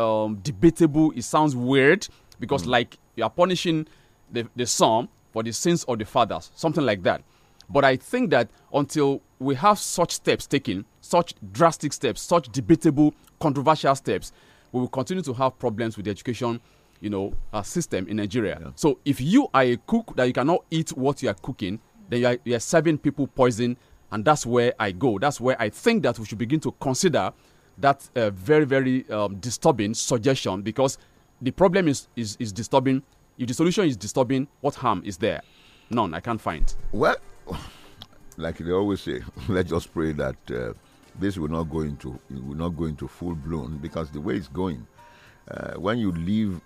um, debatable. It sounds weird because, mm. like, you are punishing the, the son for the sins of the fathers, something like that. But I think that until we have such steps taken, such drastic steps, such debatable, controversial steps, we will continue to have problems with the education, you know, uh, system in Nigeria. Yeah. So if you are a cook that you cannot eat what you are cooking, then you are, you are serving people poison, and that's where I go. That's where I think that we should begin to consider that a uh, very, very um, disturbing suggestion because the problem is, is, is disturbing. If the solution is disturbing, what harm is there? None, I can't find. Well, like they always say, let's just pray that uh, this will not go into will not go into full blown because the way it's going, uh, when you leave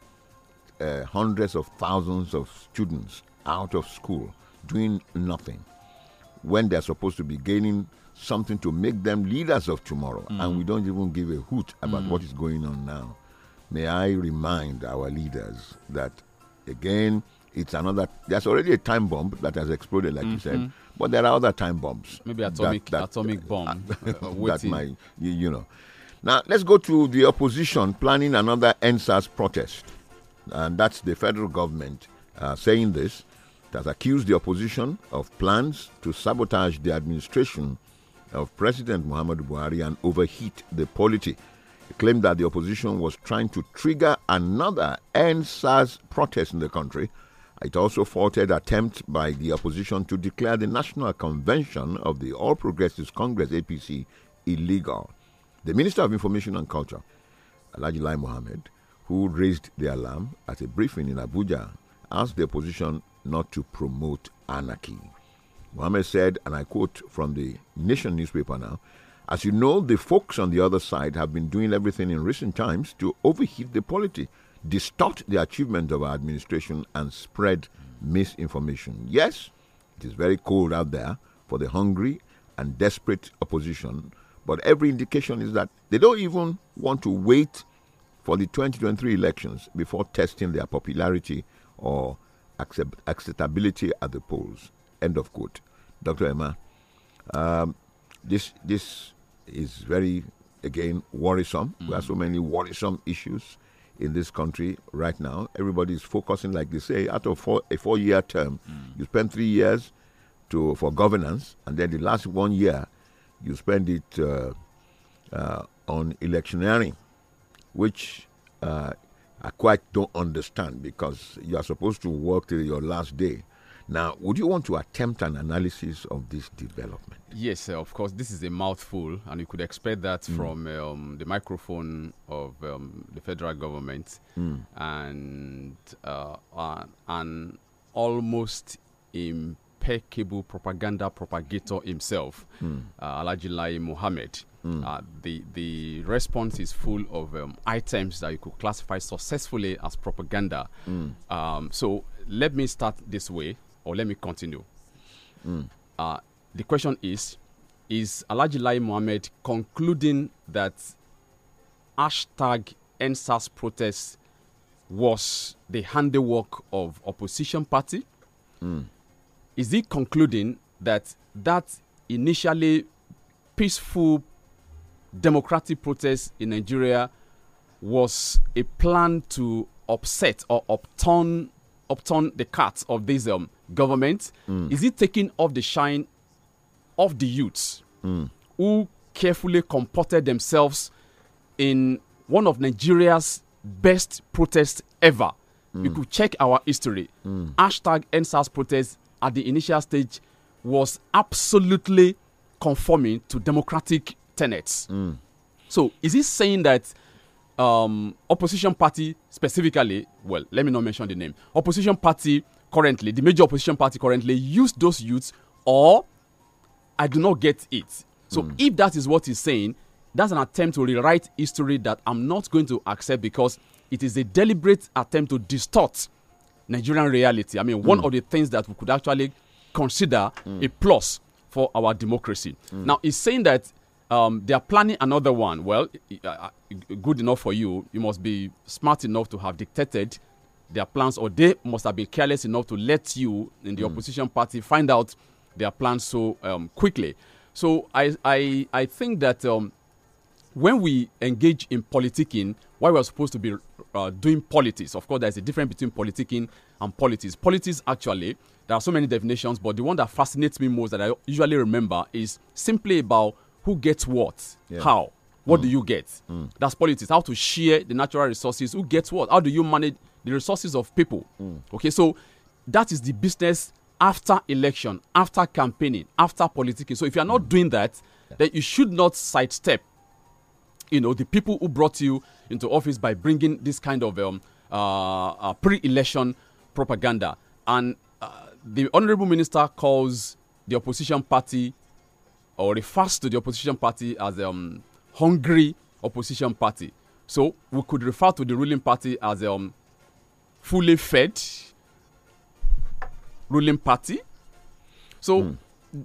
uh, hundreds of thousands of students out of school doing nothing, when they're supposed to be gaining something to make them leaders of tomorrow. Mm. And we mm. don't even give a hoot about mm. what is going on now. May I remind our leaders that, again, it's another, there's already a time bomb that has exploded, like mm -hmm. you said, mm-hmm. but there are other time bombs. Maybe atomic, that, that, uh, atomic bomb. Uh, that might, you, know. Now, let's go to the opposition planning another NSAS protest. And that's the federal government uh, saying this. It has accused the opposition of plans to sabotage the administration of President Muhammadu Buhari and overheat the polity. He claimed that the opposition was trying to trigger another NSAS protest in the country. It also faulted attempts by the opposition to declare the National Convention of the All Progressives Congress APC illegal. The Minister of Information and Culture, Alajilai Mohammed, who raised the alarm at a briefing in Abuja, asked the opposition not to promote anarchy. Mohammed said, and I quote from the Nation newspaper now As you know, the folks on the other side have been doing everything in recent times to overheat the polity, distort the achievements of our administration, and spread misinformation. Yes, it is very cold out there for the hungry and desperate opposition, but every indication is that they don't even want to wait for the 2023 elections before testing their popularity or acceptability at the polls. End of quote. Dr. Emma, um, this this is very again worrisome. Mm. We have so many worrisome issues in this country right now. Everybody is focusing, like they say, out of four, a four-year term, mm. you spend three years to for governance, and then the last one year you spend it uh, uh, on electioneering, which uh, I quite don't understand because you are supposed to work till your last day now, would you want to attempt an analysis of this development? Yes, uh, of course. This is a mouthful, and you could expect that mm. from um, the microphone of um, the federal government, mm. and uh, uh, an almost impeccable propaganda propagator himself, mm. uh, Mohammed. Mm. the the response is full of um, items that you could classify successfully as propaganda. Hmm. Um, so let me start this way or let me continue. Mm. Uh, the question is Is Alaji Mohammed concluding that hashtag NSAS protest was the handiwork of opposition party? Mm. Is he concluding that that initially peaceful democratic protest in Nigeria was a plan to upset or upturn upturn the cart of this um, government? Mm. Is it taking off the shine of the youths mm. who carefully comported themselves in one of Nigeria's best protests ever? Mm. You could check our history. Mm. Hashtag NSAS protest at the initial stage was absolutely conforming to democratic tenets. Hmm. So, is it saying that um, opposition party specifically, well, let me not mention the name. Opposition party currently, the major opposition party currently, use those youths, or I do not get it. So mm. if that is what he's saying, that's an attempt to rewrite history that I'm not going to accept because it is a deliberate attempt to distort Nigerian reality. I mean, one hmm. of the things that we could actually consider mm. a plus for our democracy. Hmm. Now, he's saying that um, they are planning another one. Well, uh, good enough for you. You must be smart enough to have dictated their plans, or they must have been careless enough to let you in the mm. opposition party find out their plans so um, quickly. So I, I, I think that um, when we engage in politicking, why we're supposed to be uh, doing politics, of course, there's a difference between politicking and politics. Politics, actually, there are so many definitions, but the one that fascinates me most that I usually remember is simply about who gets what, yeah. how, what mm. do you get? Mm. That's politics. How to share the natural resources, who gets what, how do you manage the resources of people? Mm. Okay, so that is the business after election, after campaigning, after politicking. So if you are not mm. doing that, yeah. then you should not sidestep, you know, the people who brought you into office by bringing this kind of um, uh, uh, pre-election propaganda. And uh, the honourable minister calls the opposition party or refers to the opposition party as um, hungry opposition party. So we could refer to the ruling party as um, fully fed ruling party. So mm.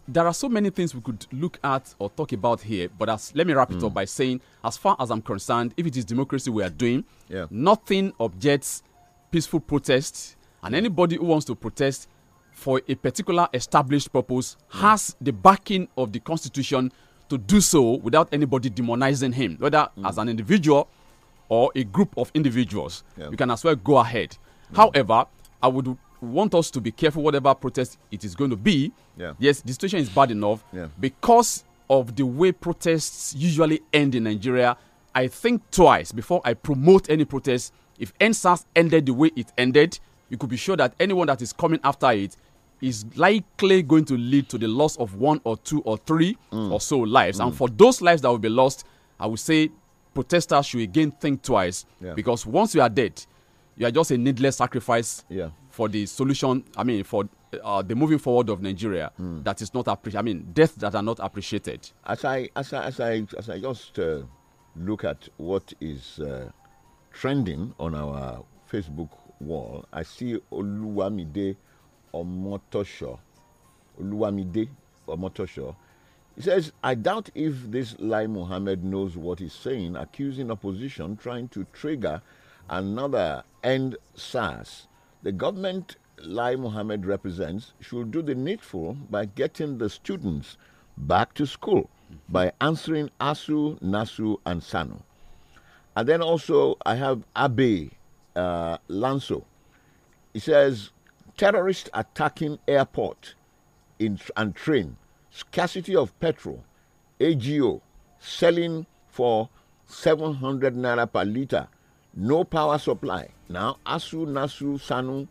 there are so many things we could look at or talk about here. But as, let me wrap mm. it up hmm. by saying, as far as I'm concerned, if it is democracy we are doing, yeah. nothing objects peaceful protest, and anybody who wants to protest for a particular established purpose has the backing of the constitution to do so without anybody demonizing him, whether mm. as an individual or a group of individuals. Yeah. You can as well go ahead. Mm. However, I would want us to be careful whatever protest it is going to be. Yeah. Yes, the situation is bad enough yeah. because of the way protests usually end in Nigeria. I think twice before I promote any protest. If NSAS ended the way it ended, you could be sure that anyone that is coming after it is likely going to lead to the loss of one or two or three mm. or so lives. Mm. And for those lives that will be lost, I would say protesters should again think twice yeah. because once you are dead, you are just a needless sacrifice yeah. for the solution. I mean, for uh, the moving forward of Nigeria mm. that is not appreciated. I mean, deaths that are not appreciated. As I as I as I, as I just uh, look at what is uh, trending on our Facebook wall, I see Oluwamide Omotosho. Oluwamide Omotosho. He says, I doubt if this Lai Mohammed knows what he's saying, accusing opposition trying to trigger another end SARS. The government Lai Mohammed represents should do the needful by getting the students back to school by answering ASU, NASU, and Sano." And then also I have Abe uh, Lanso. He says, terrorists attacking airport in, and train, scarcity of petrol, AGO selling for 700 naira per litre, no power supply. Now ASU, NASU, SANU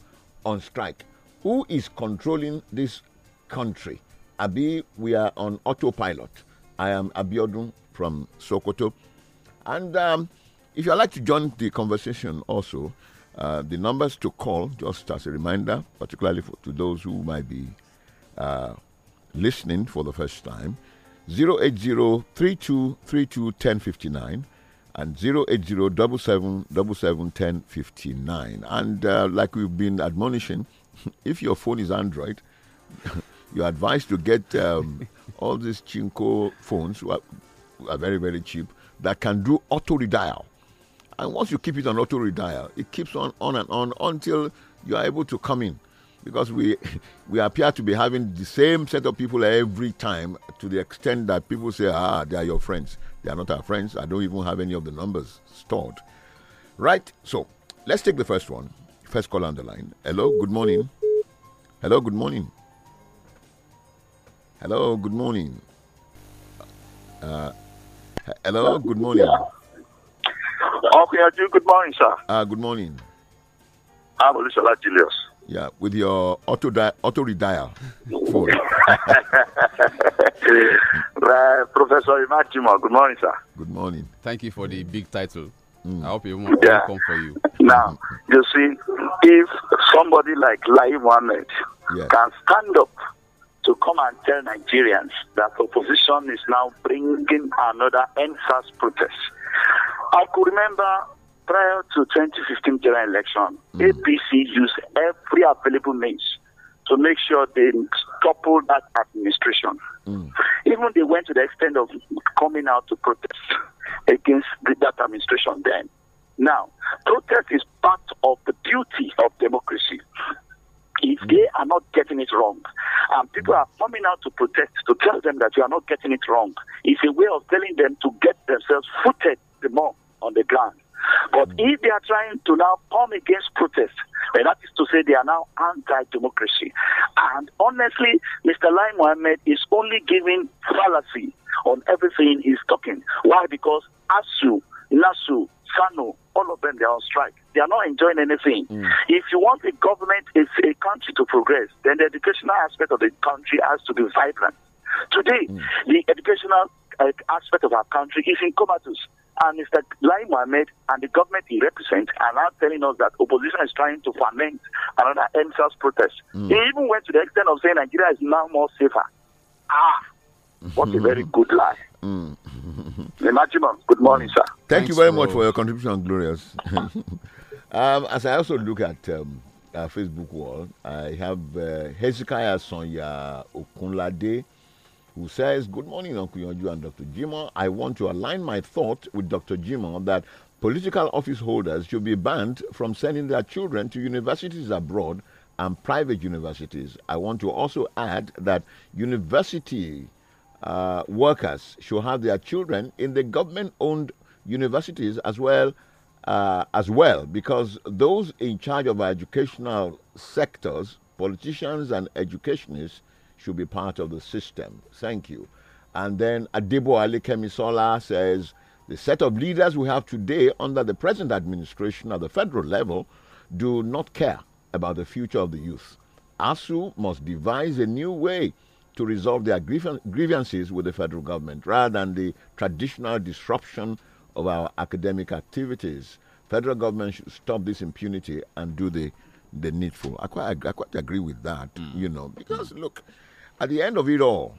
on strike. Who is controlling this country? Abi, we are on autopilot. I am Abiodun from Sokoto. And um, if you'd like to join the conversation also, uh, the numbers to call, just as a reminder, particularly for, to those who might be uh, listening for the first time, 080-3232-1059 and 080-7777-1059. And uh, like we've been admonishing, if your phone is Android, you're advised to get um, all these Chinko phones, who are, who are very, very cheap, that can do auto-redial. And once you keep it on auto redial, it keeps on, on and on until you are able to come in. Because we, we appear to be having the same set of people every time to the extent that people say, ah, they are your friends. They are not our friends. I don't even have any of the numbers stored. Right? So let's take the first one. First call on the line. Hello, good morning. Hello, good morning. Hello, good morning. Uh, hello, good morning. Okay, I do. Good morning, sir. Uh, good morning. I'm Olusola Julius. Yeah, with your auto auto redial phone. Uh, Professor Imachimo, good morning, sir. Good morning. Thank you for the big title. Mm. I hope you won't yeah. come for you. Now, you see, if somebody like Lai Mohammed yeah. can stand up to come and tell Nigerians that opposition is now bringing another NSAS protest, I could remember prior to 2015 general election, mm. APC used every available means to make sure they topple that administration. Mm. Even they went to the extent of coming out to protest against that administration then. Now, protest is part of the beauty of democracy. If mm. they are not getting it wrong, and people are coming out to protest to tell them that you are not getting it wrong, it's a way of telling them to get themselves footed the more on the ground. But mm. if they are trying to now come against protest, then that is to say they are now anti-democracy. And honestly, Mr. Lai Mohammed is only giving fallacy on everything he's talking. Why? Because ASU, NASU, SANO, all of them, they are on strike. They are not enjoying anything. Mm. If you want a government, it's a country to progress, then the educational aspect of the country has to be vibrant. Today, mm. the educational uh, aspect of our country is in comatose. And Mr. Lai Mohammed and the government he represents are now telling us that opposition is trying to foment another MSAS protest. Mm. He even went to the extent of saying Nigeria is now more safer. Ah, what a very good lie. Mm. Imagine, good morning, sir. Thank Thanks you very much for your contribution, Glorious. um, as I also look at um, Facebook wall, I have uh, Hezekiah Sonya Okunlade who says, Good morning, Uncle Yonju and Dr. Jimon. I want to align my thought with Dr. Jimon that political office holders should be banned from sending their children to universities abroad and private universities. I want to also add that university uh, workers should have their children in the government-owned universities as well uh, as well, because those in charge of our educational sectors, politicians and educationists, should be part of the system. Thank you. And then Adebo Ali Kemisola says the set of leaders we have today under the present administration at the federal level do not care about the future of the youth. ASU must devise a new way to resolve their grievances with the federal government rather than the traditional disruption of our academic activities. Federal government should stop this impunity and do the, the needful. I quite, I quite agree with that, mm. you know, because look, at the end of it all,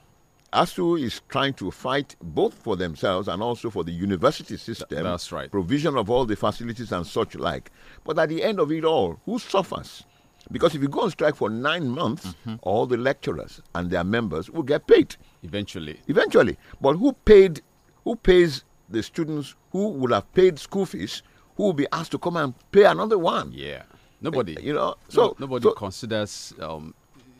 ASU is trying to fight both for themselves and also for the university system. That's right. Provision of all the facilities and such like. But at the end of it all, who suffers? Because if you go on strike for nine months, mm -hmm. all the lecturers and their members will get paid. Eventually. Eventually. But who paid who pays the students who would have paid school fees who will be asked to come and pay another one? Yeah. Nobody. You know, so no, nobody so, considers um,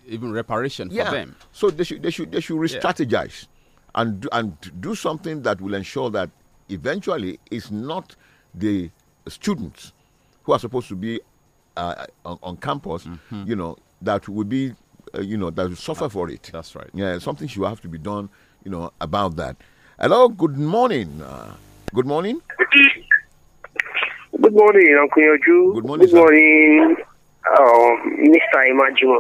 even reparation yeah. for them. So they should they should they should re-strategize, yeah. and and do something that will ensure that eventually it's not the students who are supposed to be uh, on, on, campus, mm -hmm. you know, that would be uh, you know that would suffer uh, for it. That's right. Yeah, something should have to be done, you know, about that. Hello, good morning. Uh, good morning. Good morning, Uncle Yoju. Good morning. Good morning, um, Mr. Imajima.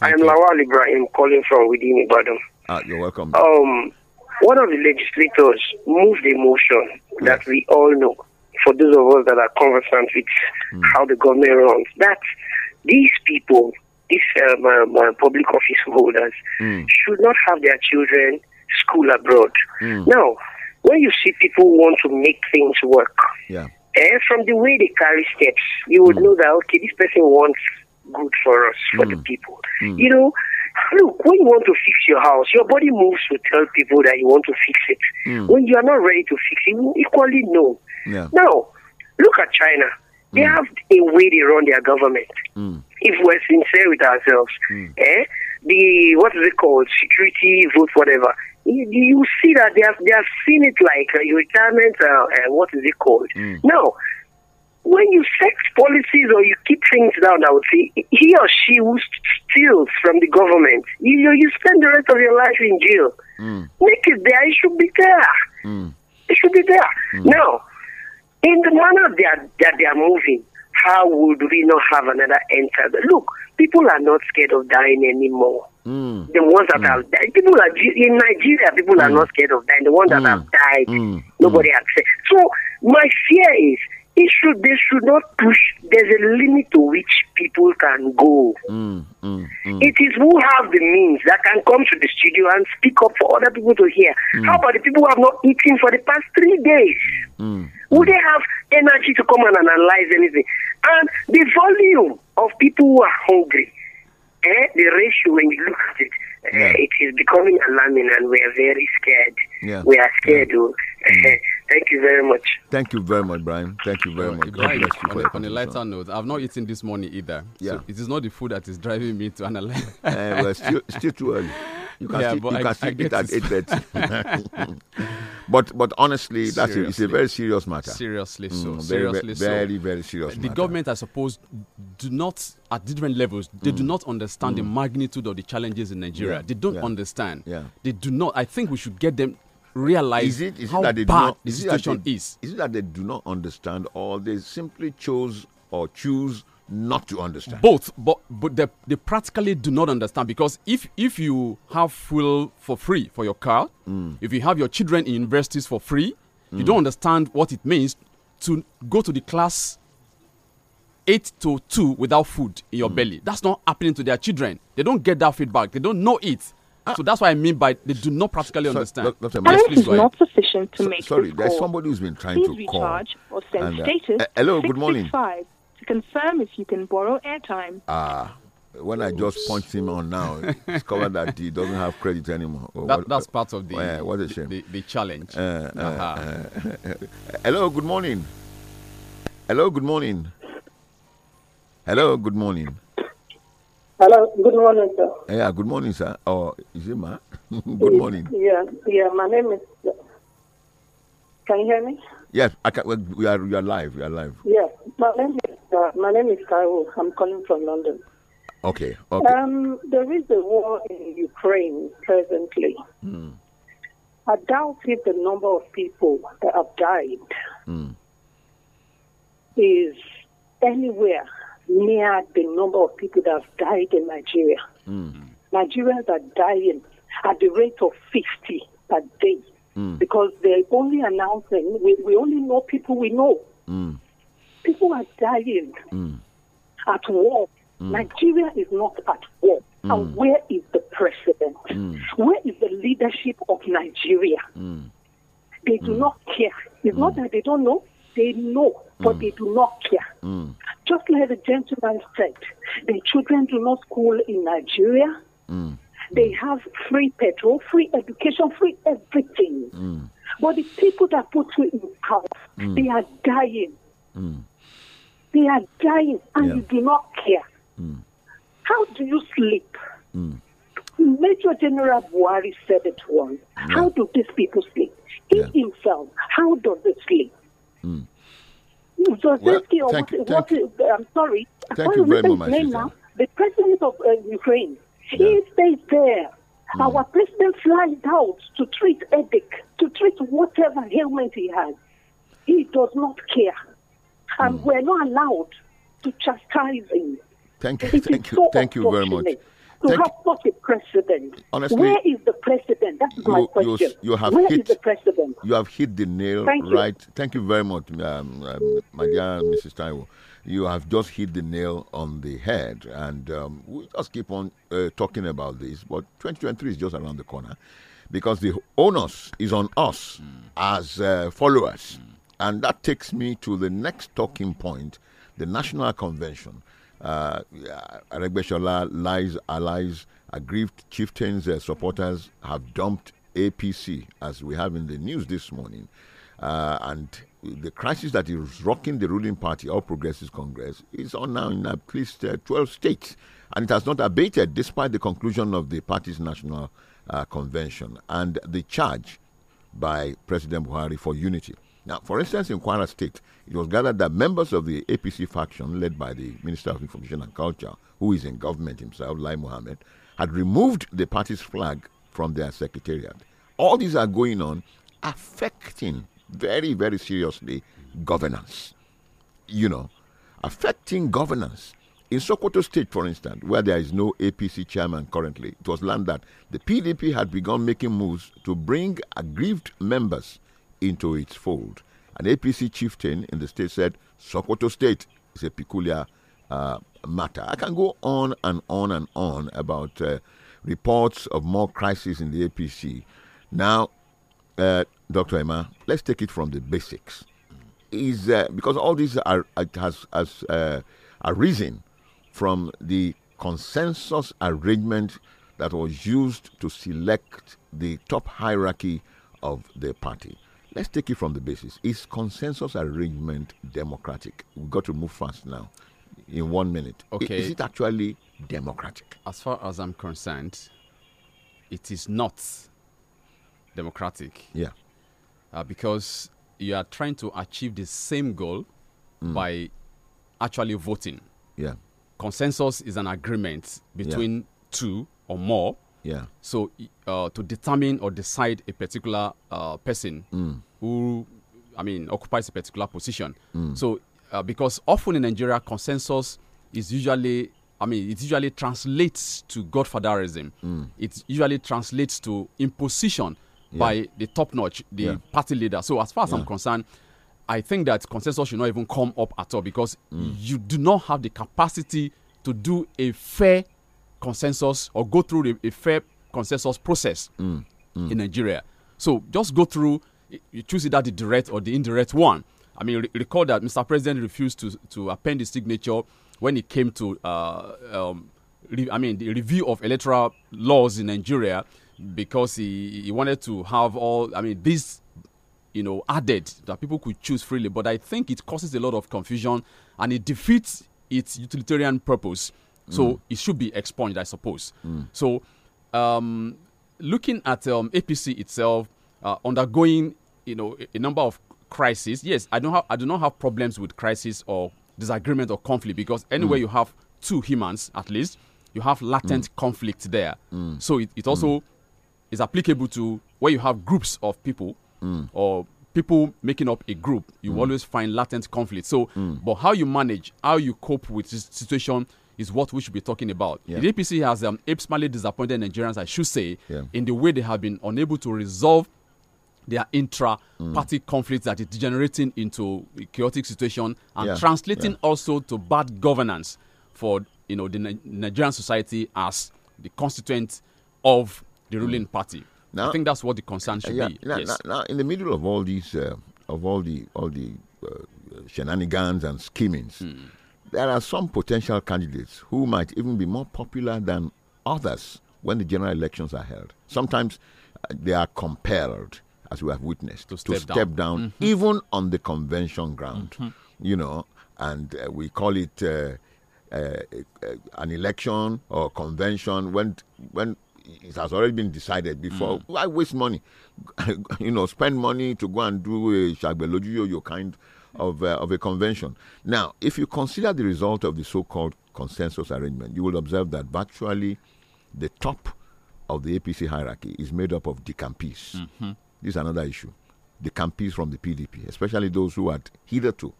Thank I am Lawal Ibrahim calling from within Ibadan. Ah, you're welcome. Um, one of the legislators moved a motion that we all know, for those of us that are conversant with mm. how the government runs, that these people, these um, um, uh, public office holders, mm. should not have their children school abroad. Hmm. Now, when you see people want to make things work, yeah. and eh, from the way they carry steps, you would hmm. know that, okay, this person wants good for us, for mm. the people. Mm. You know, look, when you want to fix your house, your body moves to tell people that you want to fix it. Mm. When you are not ready to fix it, equally no. Yeah. Now, look at China. They mm. have a way they run their government. Mm. If we're sincere with ourselves, mm. eh? The what is it called? Security vote, whatever. You, you see that they have they have seen it like uh, retirement. Uh, uh, what is it called? Now when you set policies or you keep things down, I would say he or she who steals from the government, you know, you spend the rest of your life in jail. Mm. Make it there. It should be there. Mm. It should be there. Mm. Now, in the manner they that they are moving, how would we not have another enter? Look, people are not scared of dying anymore. Mm. The ones that mm. have died, people are in Nigeria. People are mm. not scared of dying. The ones that mm. have died, mm. nobody accepts. So my fear is it should they should not push. There's a limit to which people can go. Mm, mm, mm. It is who have the means that can come to the studio and speak up for other people to hear. Mm. How about the people who have not eaten for the past three days? Mm. Would mm. they have energy to come and analyze anything? And the volume of people who are hungry, eh, the ratio when you look at it, eh, yeah. eh, it is becoming alarming, and we are very scared. Yeah. We are scared. Yeah. Oh. Hmm. Thank you very much. Thank you very much, Brian. Thank you very much. Brian, on, on a lighter note, I've not eaten this morning either. Yeah. So it is not the food that is driving me to analyze. uh, well, still, still too early. You can yeah, still, you I, can still eat at eight thirty. but but honestly, that's a, it's a very serious matter. Seriously, so mm, very, seriously, very, so. very very serious. The matter. government, I suppose, do not at different levels. They mm. do not understand mm. the magnitude of the challenges in Nigeria. Yeah. They don't yeah. understand. Yeah. They do not. I think we should get them realize is it, is how it that they bad not, the situation they, is. Is it that they do not understand, or they simply chose or choose not to understand? Both, but but they, they practically do not understand because if if you have fuel for free for your car, mm. if you have your children in universities for free, mm. you don't mm. understand what it means to go to the class eight to two without food in your mm. belly. That's not happening to their children. They don't get that feedback. They don't know it. Uh, so that's what I mean by they do not practically so, understand. Look, look, yes, please, is not sufficient to so, make Sorry, there's call. somebody who's been trying please to recharge or send and, uh, status. Uh, hello, good morning. To confirm if you can borrow airtime. Ah. When I just punched him on now, discovered that he doesn't have credit anymore. Oh, that, what, that's part of the yeah, what a shame. The, the challenge. Uh, -huh. Uh, uh, hello, good morning. Hello, good morning. Hello, good morning. Hello, good morning, sir. Yeah, good morning, sir. Or oh, is it ma? good morning. Yeah, yeah. My name is. Can you hear me? Yes, I can. We are. We are live. We are live. Yeah, my name is. Uh, my name is Kyle. I'm calling from London. Okay. Okay. Um, there is a war in Ukraine presently. Mm. I doubt if the number of people that have died mm. is anywhere near the number of people that have died in Nigeria. Mm. Nigerians are dying at the rate of 50 per day mm. because they're only announcing, we, we only know people we know. Mm. People are dying hmm. at war. Hmm. Nigeria is not at war. Hmm. And where is the president? Where is the leadership of Nigeria? They do not care. It's not that they don't know, they know, but they do not care just like the gentleman said, the children do not school in Nigeria. Mm. They have free petrol, free education, free everything. Mm. But the people that put you in power, mm. they are dying. Mm. They are dying, and yeah. you do not care. Mm. How do you sleep? Mm. Major General Buhari said it once. Yeah. How do these people sleep? He yeah. himself, how does he sleep? So well, thank, what, thank, what, I'm sorry, thank you very much, name now, the president of uh, Ukraine, yeah. he stays there. Mm. Our president flies out to treat headache, to treat whatever ailment he has. He does not care. And mm. we're not allowed to chastise him. Thank you, it thank you, so thank you very much to have such a Honestly, where is the president? That is you, my question. You, you have where hit, the president? You have hit the nail Thank right. You. Thank you very much, um, um, my dear Mrs. Taiwo. You have just hit the nail on the head, and um, we just keep on uh, talking about this. But 2023 is just around the corner because the onus is on us mm. as uh, followers. Mm. And that takes me to the next talking point the National Convention uh, Aregbesola lies allies, aggrieved chieftains, uh, supporters have dumped APC, as we have in the news this morning. Uh, and the crisis that is rocking the ruling party, All Progressives Congress, is on now in at least uh, 12 states. And it has not abated despite the conclusion of the party's national uh, convention and the charge by President Buhari for unity. Now, for instance, in Kwara State, it was gathered that members of the APC faction, led by the Minister of Information and Culture, who is in government himself, Lai Mohammed, had removed the party's flag from their secretariat. All these are going on, affecting very, very seriously governance. You know, affecting governance. In Sokoto State, for instance, where there is no APC chairman currently, it was learned that the PDP had begun making moves to bring aggrieved members into its fold. An APC chieftain in the state said Sokoto State is a peculiar uh, matter. I can go on and on and on about uh, reports of more crises in the APC. Now, uh, Dr. Emma, let's take it from the basics. Is uh, because all these are has has uh, arisen from the consensus arrangement that was used to select the top hierarchy of the party. Let's take it from the basis. Is consensus arrangement democratic? We've got to move fast now in one minute. Okay. Is it actually democratic? As far as I'm concerned, it is not democratic. Yeah. Uh, because you are trying to achieve the same goal mm. by actually voting. Yeah. Consensus is an agreement between yeah. two or more yeah. So uh, to determine or decide a particular uh, person mm. who, I mean, occupies a particular position. Mm. So uh, because often in Nigeria, consensus is usually, I mean, it usually translates to godfatherism. Mm. It usually translates to imposition yeah. by the top notch, the yeah. party leader. So as far as yeah. I'm concerned. I think that consensus should not even come up at all because mm. you do not have the capacity to do a fair consensus or go through a, a fair consensus process mm. Mm. in Nigeria. So just go through, you choose either the direct or the indirect one. I mean, re recall that Mr. President refused to, to append his signature when it came to, uh, um, I mean, the review of electoral laws in Nigeria because he, he wanted to have all, I mean, this, you know, added that people could choose freely. But I think it causes a lot of confusion and it defeats its utilitarian purpose so mm. it should be expunged, I suppose. Mm. So um, looking at um, APC itself uh, undergoing, you know, a, a number of crises. Yes, I don't have I do not have problems with crisis or disagreement or conflict because anywhere mm. you have two humans at least, you have latent mm. conflict there. Mm. So it, it also mm. is applicable to where you have groups of people or people making up a group, you mm. always find latent conflict. So, mm. but how you manage, how you cope with this situation, is what we should be talking about. Yeah. The APC has um, disappointed Nigerians, I should say, yeah. in the way they have been unable to resolve their intra-party mm. conflicts that is degenerating into a chaotic situation and yeah. translating also to bad governance for you know the Nigerian society as the constituent of the mm. ruling party. Now, I think that's what the concern should yeah, be. Now, yes. now, in the middle of all these, uh, of all the all the uh, shenanigans and schemings, mm. There are some potential candidates who might even be more popular than others when the general elections are held. Sometimes uh, they are compelled, as we have witnessed, to step, to step down, down mm -hmm. even on the convention ground. Mm -hmm. You know, and uh, we call it uh, uh, uh, an election or convention when when it has already been decided before. Mm. Why waste money? you know, spend money to go and do a shagbeloju your kind of, uh, of a convention. Now, if you consider the result of the so called consensus arrangement, you will observe that virtually the top of the APC hierarchy is made up of decampees. Mm-hmm. This is another issue. the Decampees from the PDP, especially those who had hitherto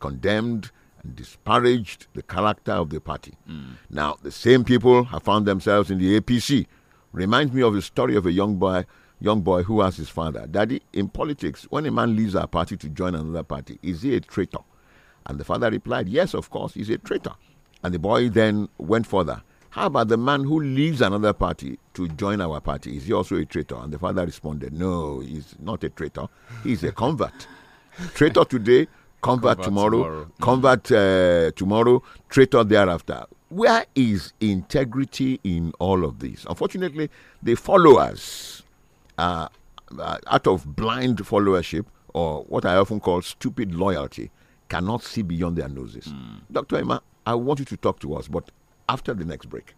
condemned and disparaged the character of the party. Mm. Now, the same people have found themselves in the APC. Reminds me of the story of a young boy young boy who asked his father, Daddy, in politics, when a man leaves our party to join another party, is he a traitor? And the father replied, Yes, of course, he's a traitor. And the boy then went further. How about the man who leaves another party to join our party? Is he also a traitor? And the father responded, No, he's not a traitor. He's a convert. traitor today, convert, tomorrow, mm. convert uh, tomorrow, traitor thereafter. Where is integrity in all of this? Unfortunately, the followers uh, out of blind followership or what I often call stupid loyalty cannot see beyond their noses. Mm. Dr. Emma, I want you to talk to us, but after the next break.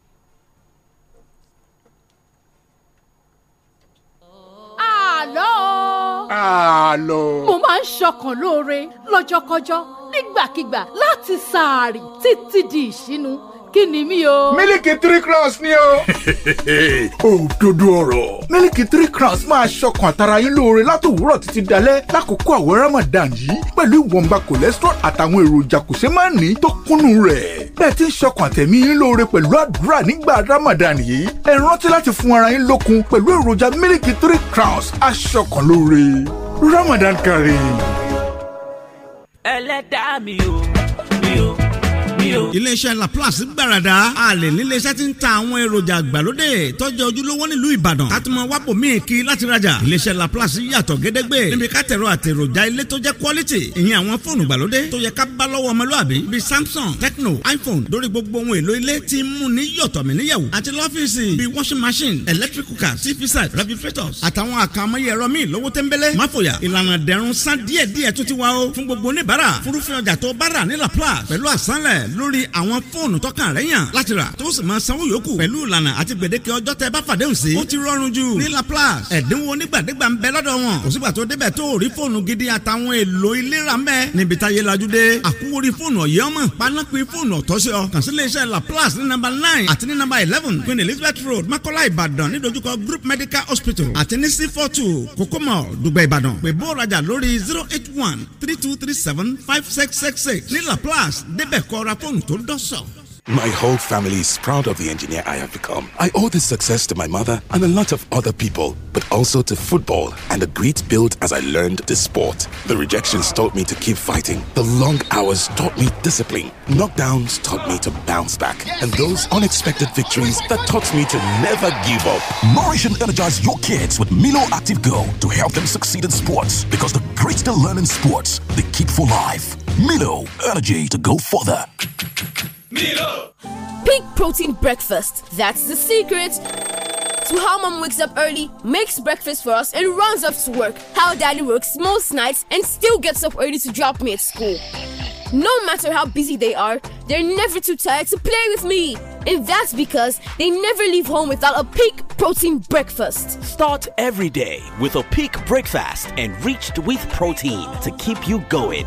àlọ́. àlọ́. mo máa ń ṣọkàn lóore lọ́jọ́kọjọ́ nígbàkigbà láti sàárì títí di ìṣínú kí ni mí o. mílìkì three crowns ni o. òdodo ọ̀rọ̀ mílìkì three crowns máa ṣọkàn àtàrà yín lóore látòwúrọ̀ títí dalẹ́ lákòókò àwẹ̀ ramadan yìí pẹ̀lú ìwọ̀nba cholesterol àtàwọn èròjà kò ṣe máa ní tó kúnnú rẹ̀. bẹ́ẹ̀ ti ń ṣọkàn àtẹ̀mí yín lóore pẹ̀lú àdúrà nígbà ramadan yìí ẹ rántí láti fún ara yín lókun pẹ̀lú èròjà mílìkì three crowns aṣọkàn lóore ramadan kareem. ẹlẹ́dàá mi o yìí o. iléeṣẹ́ laplace gbàràdà àlè níléeṣẹ́ ti ń ta àwọn èròjà àgbàlódé tọ́jú ojúlówó nílùú ìbàdàn tátùmọ̀ wápò míì kí láti rajà. iléeṣẹ́ laplace yàtọ̀ gédégbé níbi ká tẹ̀rọ ilé tó jẹ́ quality ìyẹn àwọn fóònù gbàlódé tó yẹ ká bá lọ́wọ́ ọmọlúàbí bíi samsung tecno iphone dórí gbogbo ohun èlò ilé ti ń mú ní yọ̀tọ̀ mí níyẹ̀wò àti lọ́fíìsì bíi washing machine electric cooker tv set refrigerators àtàwọn àkàmọ́yẹ ẹ̀rọ míì lówó tẹ́ńbẹ́lẹ́ máfòyà ìlànà dẹ̀rùn san díẹ̀díẹ̀ tó ti wá o fún gbogbo oníbàárà fúrúfin ọjà tó bára ní laplace pẹ̀lú àsánlẹ̀ lórí àwọn fóònù tọ́kàn rẹ̀ yàn láti rà tó sì máa sanwó yòókù pẹ̀lú ìlànà àti gbèdéke ọjọ́ tẹ bá fàdéhùn sí. ó ti rọrùn jù ní Laplace ẹ̀dínwó nígbàdégbà ń bẹ lọ́dọ̀ wọn kò sígbà tó débẹ̀ tó rí fóònù gidi àtàwọn èlò ìlera mẹ́. níbi táyé lajú dé àkúwórí fóònù ọ̀yẹ́ ọmọ panápin fóònù ọ̀tọ́sẹ́ ọ kàn sí iléeṣẹ́ Laplace ní nọ́mbà nine àti ní nọ́mbà eleven Queen Elizabeth Road Makola Ìbàdàn nídojúkọ Group Medical Hospital àti ní c four two kokomo Dùgbẹ̀ Ìbàdàn pè bó rajà lórí zero eight one three two three seven five six six six ní Laplace débẹ̀ kọ́ra fóònù tó dọ́sọ̀. My whole family is proud of the engineer I have become. I owe this success to my mother and a lot of other people, but also to football and the great build as I learned the sport. The rejections taught me to keep fighting. The long hours taught me discipline. Knockdowns taught me to bounce back. And those unexpected victories that taught me to never give up. Nourish and energize your kids with Milo Active Go to help them succeed in sports because the grit they learn in sports, they keep for life. Milo, energy to go further. Milo! Pink protein breakfast. That's the secret to how mom wakes up early, makes breakfast for us, and runs off to work. How daddy works most nights and still gets up early to drop me at school. No matter how busy they are, they're never too tired to play with me. And that's because they never leave home without a peak protein breakfast. Start every day with a peak breakfast enriched with protein to keep you going.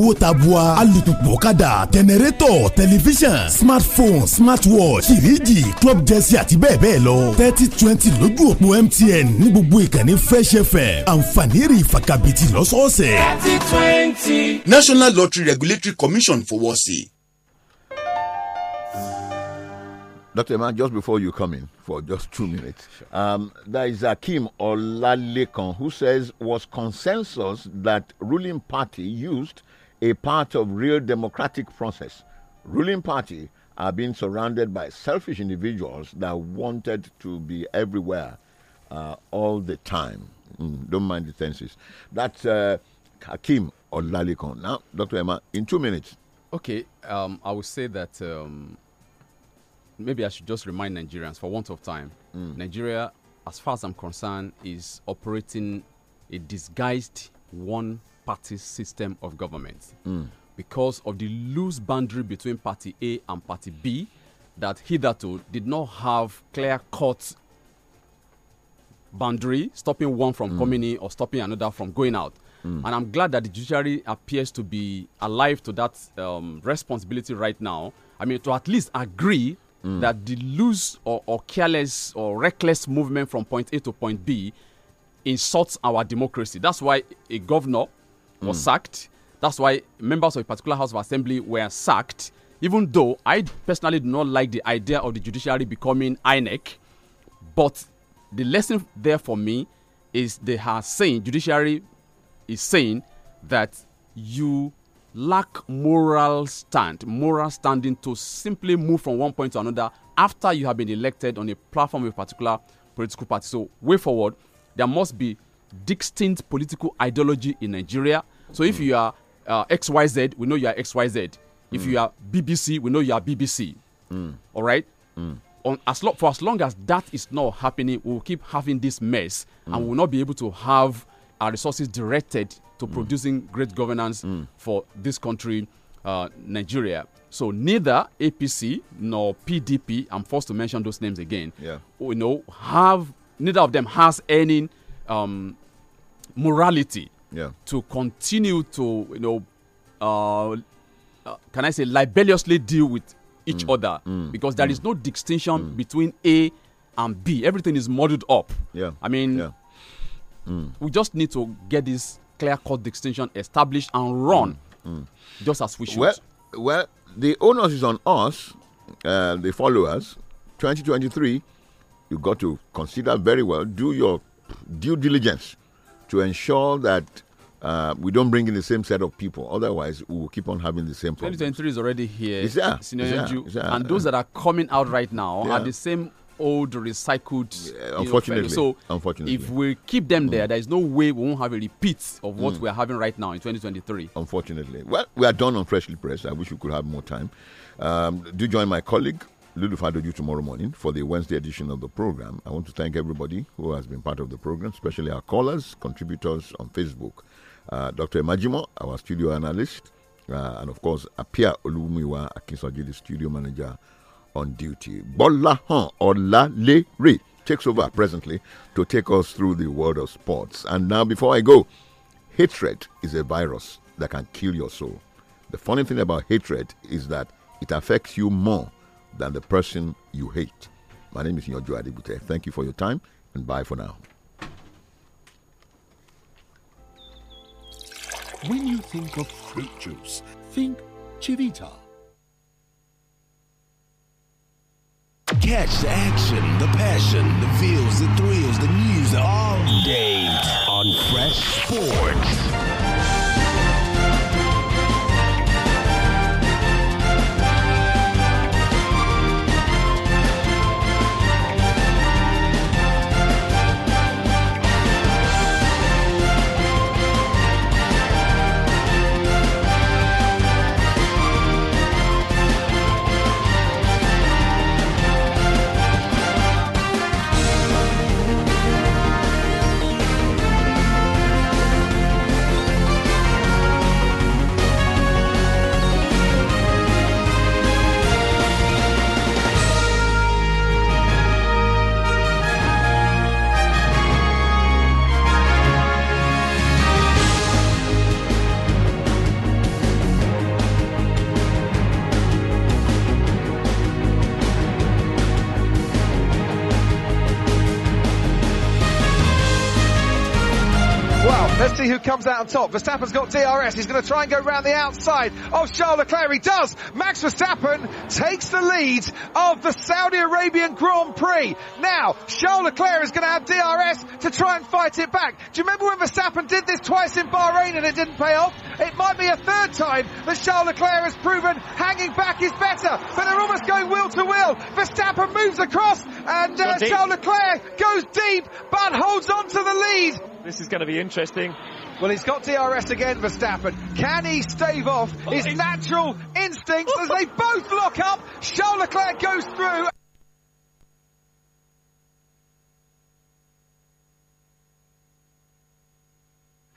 ẹ̀dínwó tabua alùpùpù kàdà tẹnẹrétọ̀ tẹlifíṣàn smartphone smartwatch fìríjì club jẹ́sí àti bẹ́ẹ̀ bẹ́ẹ̀ lọ thirty twenty lójú òpó MTN ní gbogbo ìkànnì Fresh àǹfààní rí ìfàkàbìtì lọ́sọ̀ọ̀sẹ̀. National Lottery Regulatory Commission fowọ́ sí. Dr. Eman, just before you come in for just two minutes, um, there is Akim Olalekan who says was consensus that ruling party used a part of real democratic process, ruling party are being surrounded by selfish individuals that wanted to be everywhere uh, all the time. Mm, don't mind the tenses. That's uh, Hakim Olalikon. Now, Dr. Emma, in two minutes. Okay, um, I would say that um, maybe I should just remind Nigerians, for want of time, mm. Nigeria, as far as I'm concerned, is operating a disguised one party system of government mm. because of the loose boundary between party A and party B that hitherto did not have clear cut boundary stopping one from mm. coming in or stopping another from going out. Mm. And I'm glad that the judiciary appears to be alive to that um, responsibility right now. I mean, to at least agree Mm. that the loose or, or, careless or reckless movement from point A to point B insults our democracy. That's why a governor was mm. sacked. That's why members of a particular House of Assembly were sacked, even though I personally do not like the idea of the judiciary becoming INEC. But the lesson there for me is they are saying, judiciary is saying that you lack moral stand, moral standing to simply move from one point to another after you have been elected on a platform of a particular political party. So, way forward, there must be distinct political ideology in Nigeria. So if mm. you are uh, XYZ, we know you are XYZ. If mm. you are BBC, we know you are BBC. Mm. All right? Hmm. On, as long, for as long as that is not happening, we'll keep having this mess and we'll hmm. not be able to have our resources directed to hmm. producing great governance for this country, uh, Nigeria. So neither APC nor PDP, I'm forced to mention those names again, yeah. you know, have neither of them has any um, morality yeah. to continue to, you know, uh, uh, can I say, libellously deal with each mm. other mm. because there mm. is no distinction mm. between A and B. Everything is muddled up. Yeah. I mean, yeah. Mm. we just need to get this clear cut distinction established and run mm. just as we should. Well, well, the onus is on us, uh, the followers. 2023, you got to consider very well, do your due diligence to ensure that uh, we don't bring in the same set of people. Otherwise, we will keep on having the same problem. 2023 is already here. there. And those that are coming out right now yeah. are the same old recycled. Yeah, unfortunately. so, unfortunately. if we keep them there, mm. there is no way we won't have a repeat of what mm. we are having right now in 2023. Unfortunately. Well, we are done on Freshly Pressed. I wish we could have more time. Um, do join my colleague Lulu Fado you tomorrow morning for the Wednesday edition of the program. I want to thank everybody who has been part of the program, especially our callers, contributors on Facebook. Uh, Dr. Emajimo, our studio analyst, uh, and of course, Apia Olumiwa Akinsoji, the studio manager on duty. Bola Han Ola Re takes over presently to take us through the world of sports. And now, before I go, hatred is a virus that can kill your soul. The funny thing about hatred is that it affects you more than the person you hate. My name is Nyojo Adibute. Thank you for your time and bye for now. When you think of fruit juice, think Chivita. Catch the action, the passion, the feels, the thrills, the news all day on Fresh Sports. comes out on top. Verstappen's got DRS. He's going to try and go round the outside of Charles Leclerc. He does. Max Verstappen takes the lead of the Saudi Arabian Grand Prix. Now, Charles Leclerc is going to have DRS to try and fight it back. Do you remember when Verstappen did this twice in Bahrain and it didn't pay off? It might be a third time that Charles Leclerc has proven hanging back is better, but they're almost going wheel to wheel. Verstappen moves across and uh, Charles Leclerc goes deep but holds on to the lead. This is going to be interesting. Well, he's got DRS again, Verstappen. Can he stave off his natural instincts as they both lock up? Charles Leclerc goes through.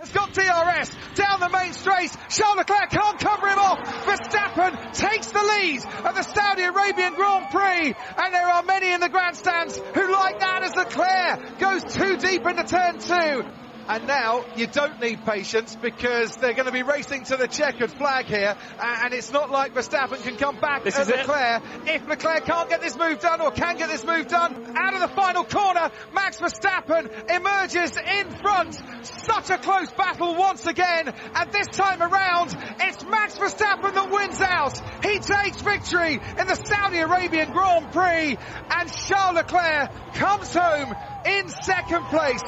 It's got DRS down the main straight. Charles Leclerc can't cover him off. Verstappen takes the lead at the Saudi Arabian Grand Prix. And there are many in the grandstands who like that as Leclerc goes too deep into turn two. And now you don't need patience because they're going to be racing to the checkered flag here. And it's not like Verstappen can come back this at Leclerc. If Leclerc can't get this move done or can get this move done, out of the final corner, Max Verstappen emerges in front. Such a close battle once again. And this time around, it's Max Verstappen that wins out. He takes victory in the Saudi Arabian Grand Prix. And Charles Leclerc comes home in second place.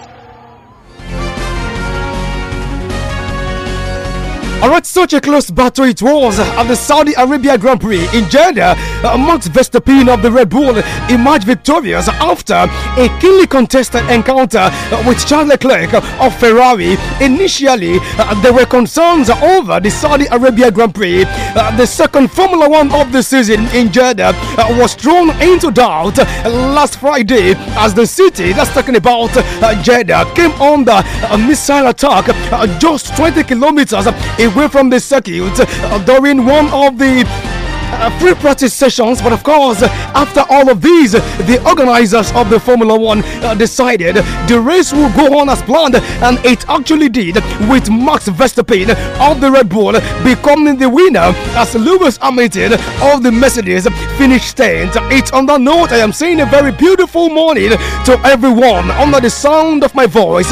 Alright, such a close battle it was at the Saudi Arabia Grand Prix in Jeddah. amongst Max Verstappen of the Red Bull emerged victorious after a keenly contested encounter with Charles Leclerc of Ferrari. Initially, there were concerns over the Saudi Arabia Grand Prix. the second Formula One of the season in Jeddah was thrown into doubt last Friday as the city that's talking about Jeddah came under a missile attack just 20 kilometers away away from the circuit uh, during one of the uh, free practice sessions, but of course, after all of these, the organizers of the Formula One uh, decided the race will go on as planned, and it actually did, with Max Verstappen of the Red Bull becoming the winner as Lewis Hamilton of the Mercedes finished 10th. It's on that note, I am saying a very beautiful morning to everyone under the sound of my voice.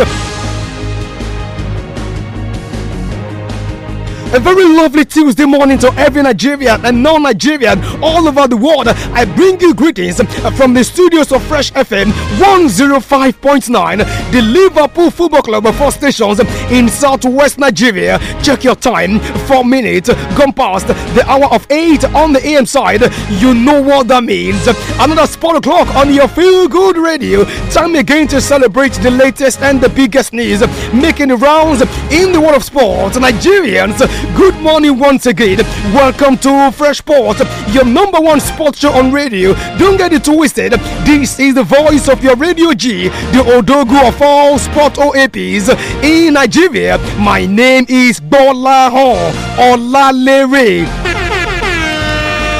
A very lovely Tuesday morning to every Nigerian and non Nigerian all over the world. I bring you greetings from the studios of Fresh FM 105.9, the Liverpool Football Club of four stations in southwest Nigeria. Check your time, four minutes gone past the hour of 8 on the AM side. You know what that means. Another spot o'clock on your feel good radio. Time again to celebrate the latest and the biggest news making rounds in the world of sports. Nigerians Good morning once again. Welcome to Fresh Sport, your number one sports show on radio. Don't get it twisted. This is the voice of your radio G, the Odogu of all sport OAPs in Nigeria. My name is Bola Hon Olalere.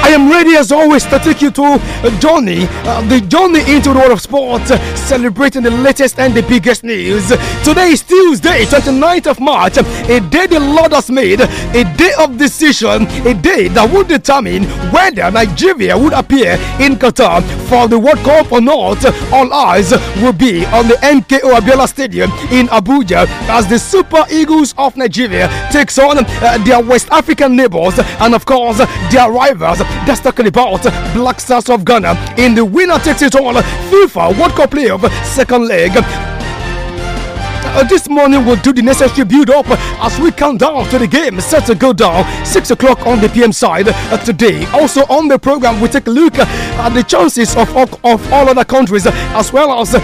I am ready as always to take you to uh, journey, uh, the journey into the world of sports, uh, celebrating the latest and the biggest news. Today is Tuesday, 29th of March, a day the Lord has made, a day of decision, a day that will determine whether Nigeria would appear in Qatar for the World Cup or not. All eyes will be on the MKO Abiola Stadium in Abuja as the Super Eagles of Nigeria takes on uh, their West African neighbors and of course their rivals that's talking about Black Stars of Ghana in the winner takes it all FIFA World Cup playoff second leg. Uh, this morning we'll do the necessary build up as we count down to the game set to go down 6 o'clock on the PM side uh, today. Also on the program we take a look at the chances of, of, of all other countries uh, as well as uh,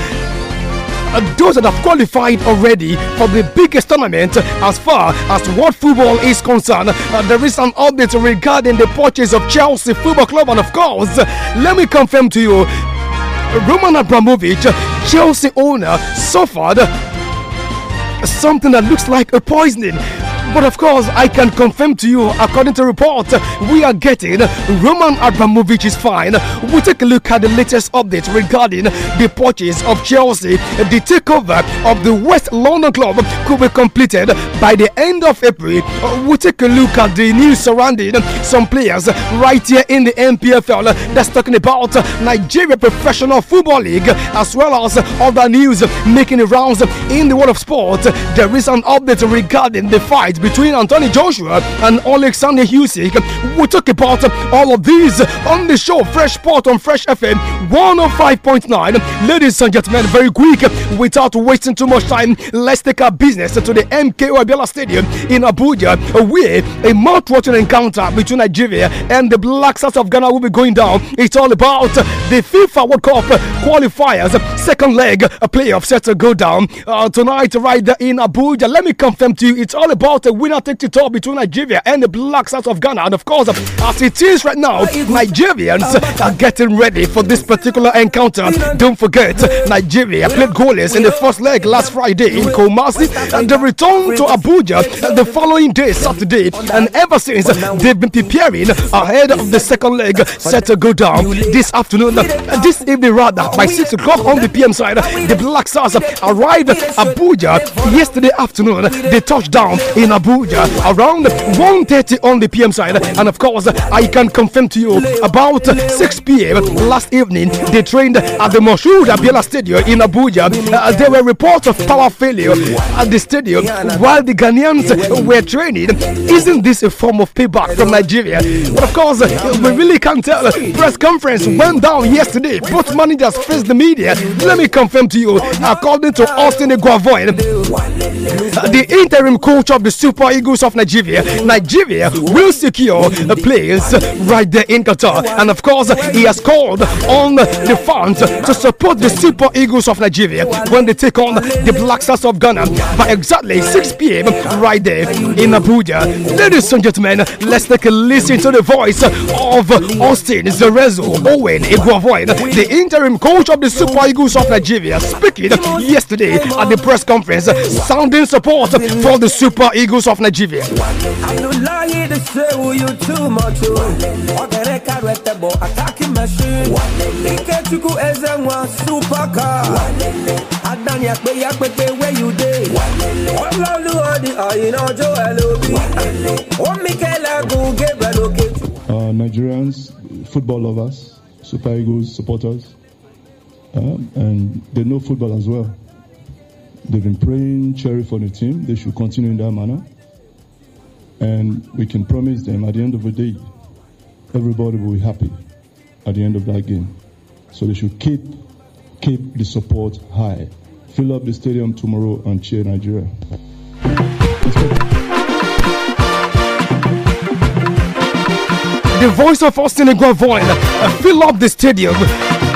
those that have qualified already for the biggest tournament as far as world football is concerned. Uh, there is an update regarding the purchase of Chelsea Football Club, and of course, let me confirm to you. Roman Abramovich, Chelsea owner, suffered something that looks like a poisoning but of course, I can confirm to you, according to report, we are getting Roman Abramovich is fine. we will take a look at the latest update regarding the purchase of Chelsea. The takeover of the West London club could be completed by the end of April. We'll take a look at the news surrounding some players right here in the MPFL that's talking about Nigeria Professional Football League as well as other news making rounds in the world of sport. There is an update regarding the fight between Anthony Joshua and Alexander Usyk. We talk about all of these on the show, Fresh Port on Fresh FM 105.9. Ladies and gentlemen, very quick, without wasting too much time, let's take our business to the MKO Abiola Stadium in Abuja, where a mouth-watering encounter between Nigeria and the Black Stars of Ghana will be going down. It's all about the FIFA World Cup qualifiers, second leg playoff set to go down uh, tonight right there in Abuja. Let me confirm to you, it's all about a winner takes it all between Nigeria and the Black Stars of Ghana. And of course, as it is right now, Nigerians are getting ready for this particular encounter. Don't forget, Nigeria played goalless in the first leg last Friday in Kumasi and they returned to Abuja the following day, Saturday. And ever since, they've been preparing ahead of the second leg set to go down this afternoon, this evening rather, by 6 o'clock on the PM side. The Black Stars arrived Abuja yesterday afternoon. They touched down in Abuja around 1.30 on the PM side. And of course, I can confirm to you about 6 p.m. last evening, they trained at the Moshood Biela Stadium in Abuja. Uh, there were reports of power failure at the stadium while the Ghanaians were training. Isn't this a form of payback from Nigeria? But of course, we really can't tell. Press conference went down yesterday. Both managers faced the media. Let me confirm to you, according to Austin Guavoin, the interim coach of the Super Eagles of Nigeria. Nigeria will secure a place right there in Qatar. And of course, he has called on the fans to support the Super Eagles of Nigeria when they take on the Black Stars of Ghana by exactly 6 p.m. right there in Abuja. Ladies and gentlemen, let's take a listen to the voice of Austin Zerezo Owen Iguavoin, the interim coach of the Super Eagles of Nigeria, speaking yesterday at the press conference, sounding support for the Super Eagles. schools of Nigeria. Oh. Uh, Nigerians, football lovers, Super Eagles supporters, um, and they know football as well. They've been praying cherry for the team. They should continue in that manner. And we can promise them at the end of the day, everybody will be happy at the end of that game. So they should keep keep the support high. Fill up the stadium tomorrow and cheer Nigeria. The voice of Austin Iguavoin, uh, fill up the stadium.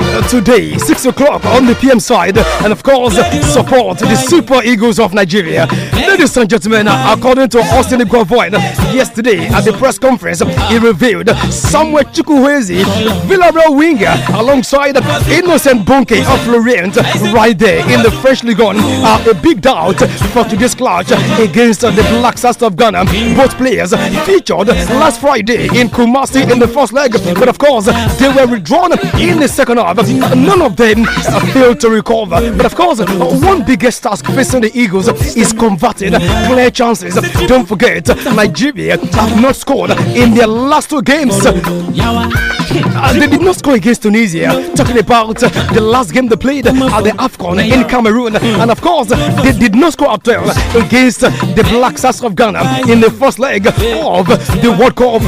Uh, today, 6 o'clock on the PM side, and of course, support the Super Eagles of Nigeria. Ladies and gentlemen, according to Austin Govoin, yesterday at the press conference, he revealed Samuel Chukwueze, Villarreal winger, alongside Innocent Bunke of Lorient, right there in the French League on, are uh, a big doubt for today's clash against the Black Stars of Ghana. Both players featured last Friday in Kumasi in the first leg, but of course, they were withdrawn in the second half but none of them failed to recover. But of course, one biggest task facing the Eagles is converting clear chances. Don't forget, Nigeria have not scored in their last two games. Uh, they did not score against Tunisia. Talking about the last game they played at the AFCON in Cameroon. And of course, they did not score at all against the Black Stars of Ghana in the first leg of the World Cup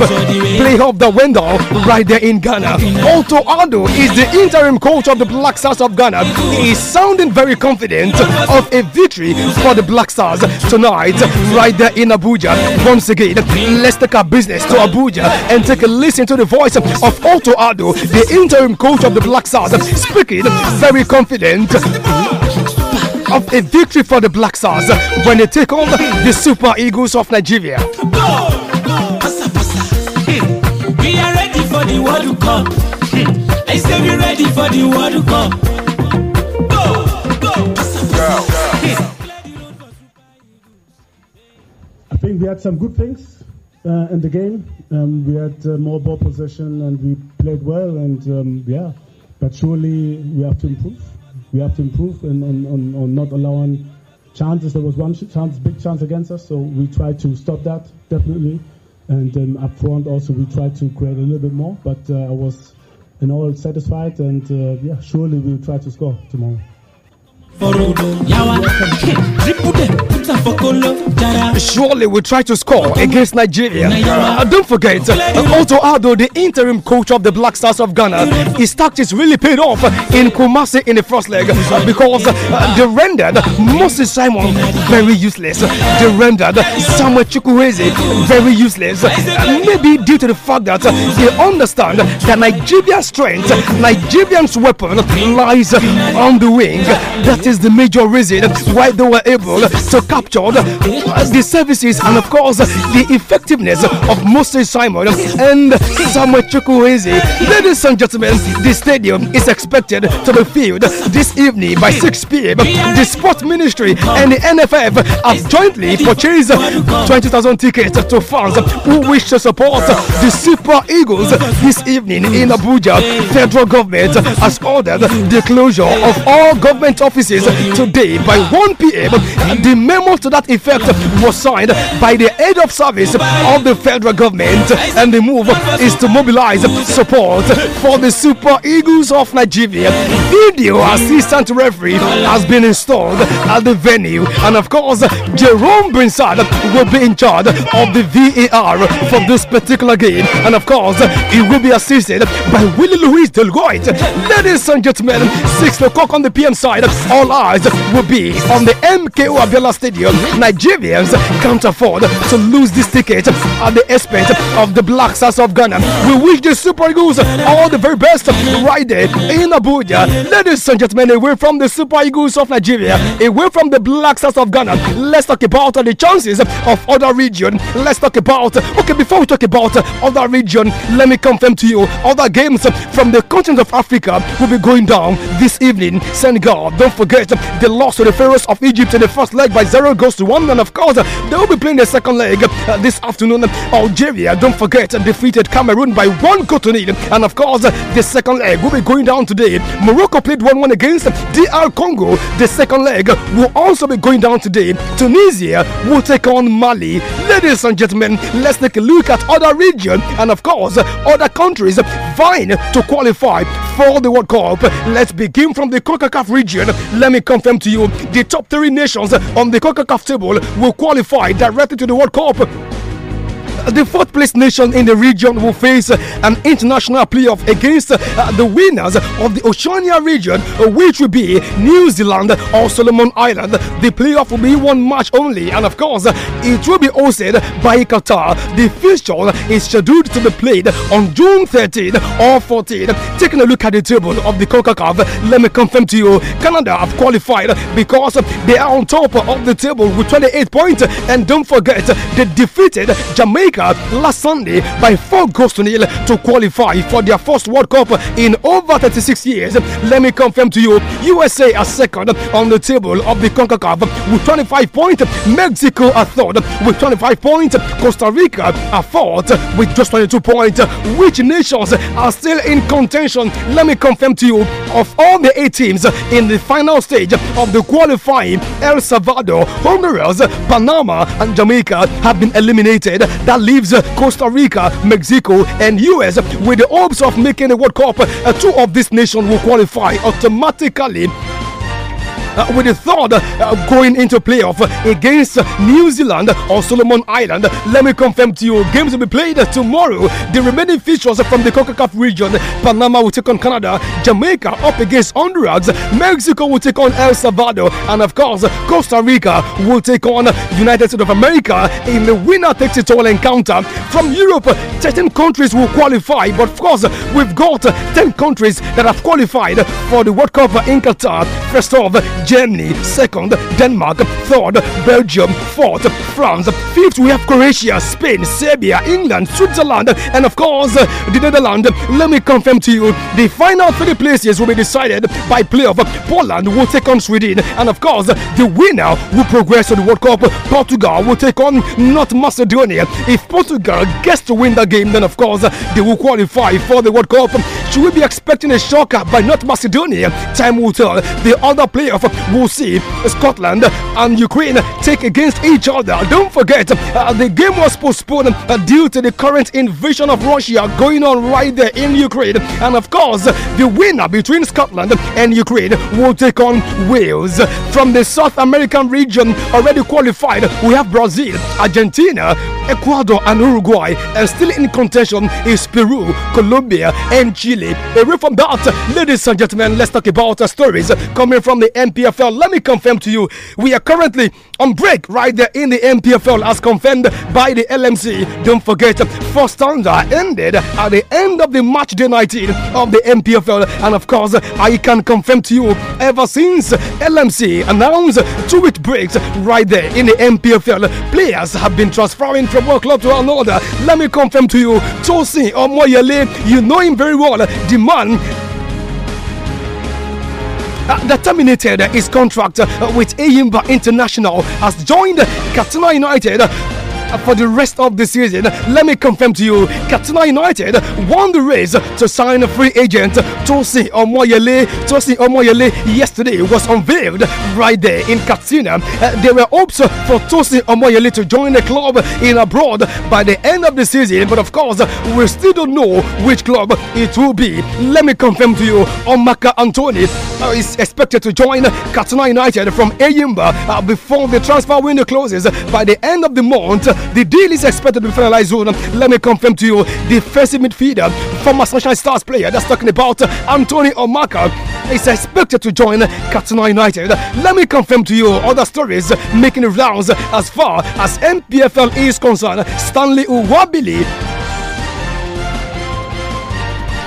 playoff that went on right there in Ghana. Otto Ando is the inter interim coach of the Black Stars of Ghana, he is sounding very confident of a victory for the Black Stars tonight, right there in Abuja. Once again, let's take our business to Abuja and take a listen to the voice of Otto Ado, the interim coach of the Black Stars, speaking very confident of a victory for the Black Stars when they take on the Super Eagles of Nigeria. Go, go, pasa, pasa. Hmm. We are ready for the World Cup. Hmm. I be ready for the World Go, go. Girl. I think we had some good things uh, in the game. Um, we had uh, more ball possession and we played well. And um, yeah, but surely we have to improve. We have to improve and on, on, on not allowing chances. There was one chance, big chance against us, so we tried to stop that definitely. And um, up front also we tried to create a little bit more. But uh, I was and all satisfied. And uh, yeah, surely we'll try to score tomorrow. surely will try to score against Nigeria. Uh, don't forget, uh, Otto Addo, the interim coach of the Black Stars of Ghana, his tactics really paid off in Kumasi in the first leg uh, because uh, they rendered uh, Moses Simon very useless. They rendered uh, Samuel Chukwueze very useless. Maybe due to the fact that they understand that Nigeria's strength, Nigerian's weapon lies on the wing. That is the major reason why they were able to capture the services, and of course, the effectiveness of Moses Simon and Samuel Chukwueze. Ladies and gentlemen, the stadium is expected to be filled this evening by 6 p.m. The Sports Ministry and the NFF have jointly purchased 20,000 tickets to fans who wish to support the Super Eagles this evening in Abuja. Federal government has ordered the closure of all government offices today by 1 p.m. The memo to that effect was signed by the head of service of the federal government, and the move is to mobilize support for the Super Eagles of Nigeria. Video assistant referee has been installed at the venue, and of course, Jerome Brinsard will be in charge of the VAR for this particular game, and of course, he will be assisted by Willie Louis Delgoit. Ladies and gentlemen, 6 o'clock on the PM side, all eyes will be on the MKO Abiola Stadium. Nigerians can't afford to lose this ticket at the expense of the Black Stars of Ghana. We wish the Super Eagles all the very best right there in Abuja. Ladies and gentlemen, away from the Super Eagles of Nigeria, away from the Black Stars of Ghana, let's talk about the chances of other region. Let's talk about, okay, before we talk about other region, let me confirm to you other games from the continent of Africa will be going down this evening. Senegal, don't forget, the loss to the Pharaohs of Egypt in the first leg by zero goals to one, and of course, they will be playing the second leg uh, this afternoon. Algeria, don't forget, uh, defeated Cameroon by one goal to nil. And of course, uh, the second leg will be going down today. Morocco played 1 1 against uh, DR Congo. The second leg will also be going down today. Tunisia will take on Mali. Ladies and gentlemen, let's take a look at other regions and, of course, other countries vying to qualify for the World Cup. Let's begin from the CONCACAF region. Let me confirm to you the top three nations on the CONCACAF table will qualify fight directly to the World Cup. Uh, the fourth place nation in the region will face uh, an international playoff against uh, the winners of the Oceania region, which will be New Zealand or Solomon Island. The playoff will be one match only, and of course, it will be hosted by Qatar. The fixture is scheduled to be played on June 13 or 14. Taking a look at the table of the CONCACAF, let me confirm to you, Canada have qualified because they are on top of the table with 28 points, and don't forget they defeated Jamaica. Africa last Sunday by four goals to nil to qualify for their first World Cup in over 36 years. Let me confirm to you, USA are second on the table of the CONCACAF with 25 points. Mexico are third with 25 points. Costa Rica are fourth with just 22 points. Which nations are still in contention? Let me confirm to you, of all the eight teams in the final stage of the qualifying, El Salvador, Honduras, Panama, and Jamaica have been eliminated. That leaves Costa Rica, Mexico, and US with the hopes of making the World Cup. Uh, two of these nations will qualify automatically uh, with the third uh, going into playoff against New Zealand or Solomon Island. Let me confirm to you, games will be played tomorrow. The remaining fixtures from the CONCACAF region, Panama will take on Canada, Jamaica up against Honduras, Mexico will take on El Salvador, and of course, Costa Rica will take on United States of America in the winner takes it all encounter. From Europe, 13 countries will qualify, but of course, we've got 10 countries that have qualified for the World Cup in Qatar. First off, Germany, second, Denmark, third, Belgium, fourth, France, fifth, we have Croatia, Spain, Serbia, England, Switzerland, and of course, the Netherlands. Let me confirm to you the final three places will be decided by playoff. Poland will take on Sweden, and of course, the winner will progress to the World Cup. Portugal will take on North Macedonia. If Portugal gets to win the game, then of course, they will qualify for the World Cup. Should we be expecting a shocker by North Macedonia? Time will tell. The other playoff We'll see Scotland, and Ukraine take against each other. Don't forget, uh, the game was postponed uh, due to the current invasion of Russia going on right there in Ukraine. And of course, the winner between Scotland and Ukraine will take on Wales. From the South American region already qualified, we have Brazil, Argentina, Ecuador and Uruguay. are still in contention is Peru, Colombia, and Chile. Away from that, ladies and gentlemen, let's talk about uh, stories coming from the MPFL. Let me confirm to you, we are currently on break right there in the MPFL as confirmed by the LMC. Don't forget, first rounder ended at the end of the match day 19 of the MPFL. And of course, I can confirm to you, ever since LMC announced two-week breaks right there in the MPFL, players have been transferring from one club to another. Let me confirm to you, Tosin Omoyele, you know him very well. The man uh, that terminated uh, his contract uh, with Ayimba International has joined Katsina United for the rest of the season. Let me confirm to you, Katsina United won the race to sign a free agent Tosi Omoyele. Tosi Omoyele yesterday was unveiled right there in Katsina. Uh, there were hopes for Tosi Omoyele to join the club in abroad by the end of the season, but of course, we still don't know which club it will be. Let me confirm to you, Omaka Antoni uh, is expected to join Katsina United from Ayimba uh, before the transfer window closes by the end of the month. The deal is expected to be finalized soon. Let me confirm to you, defensive midfielder, former Sunshine Stars player, that's talking about uh, Anthony Omaka, is expected to join Katana United. Let me confirm to you other stories making rounds as far as MPFL is concerned. Stanley Uwabili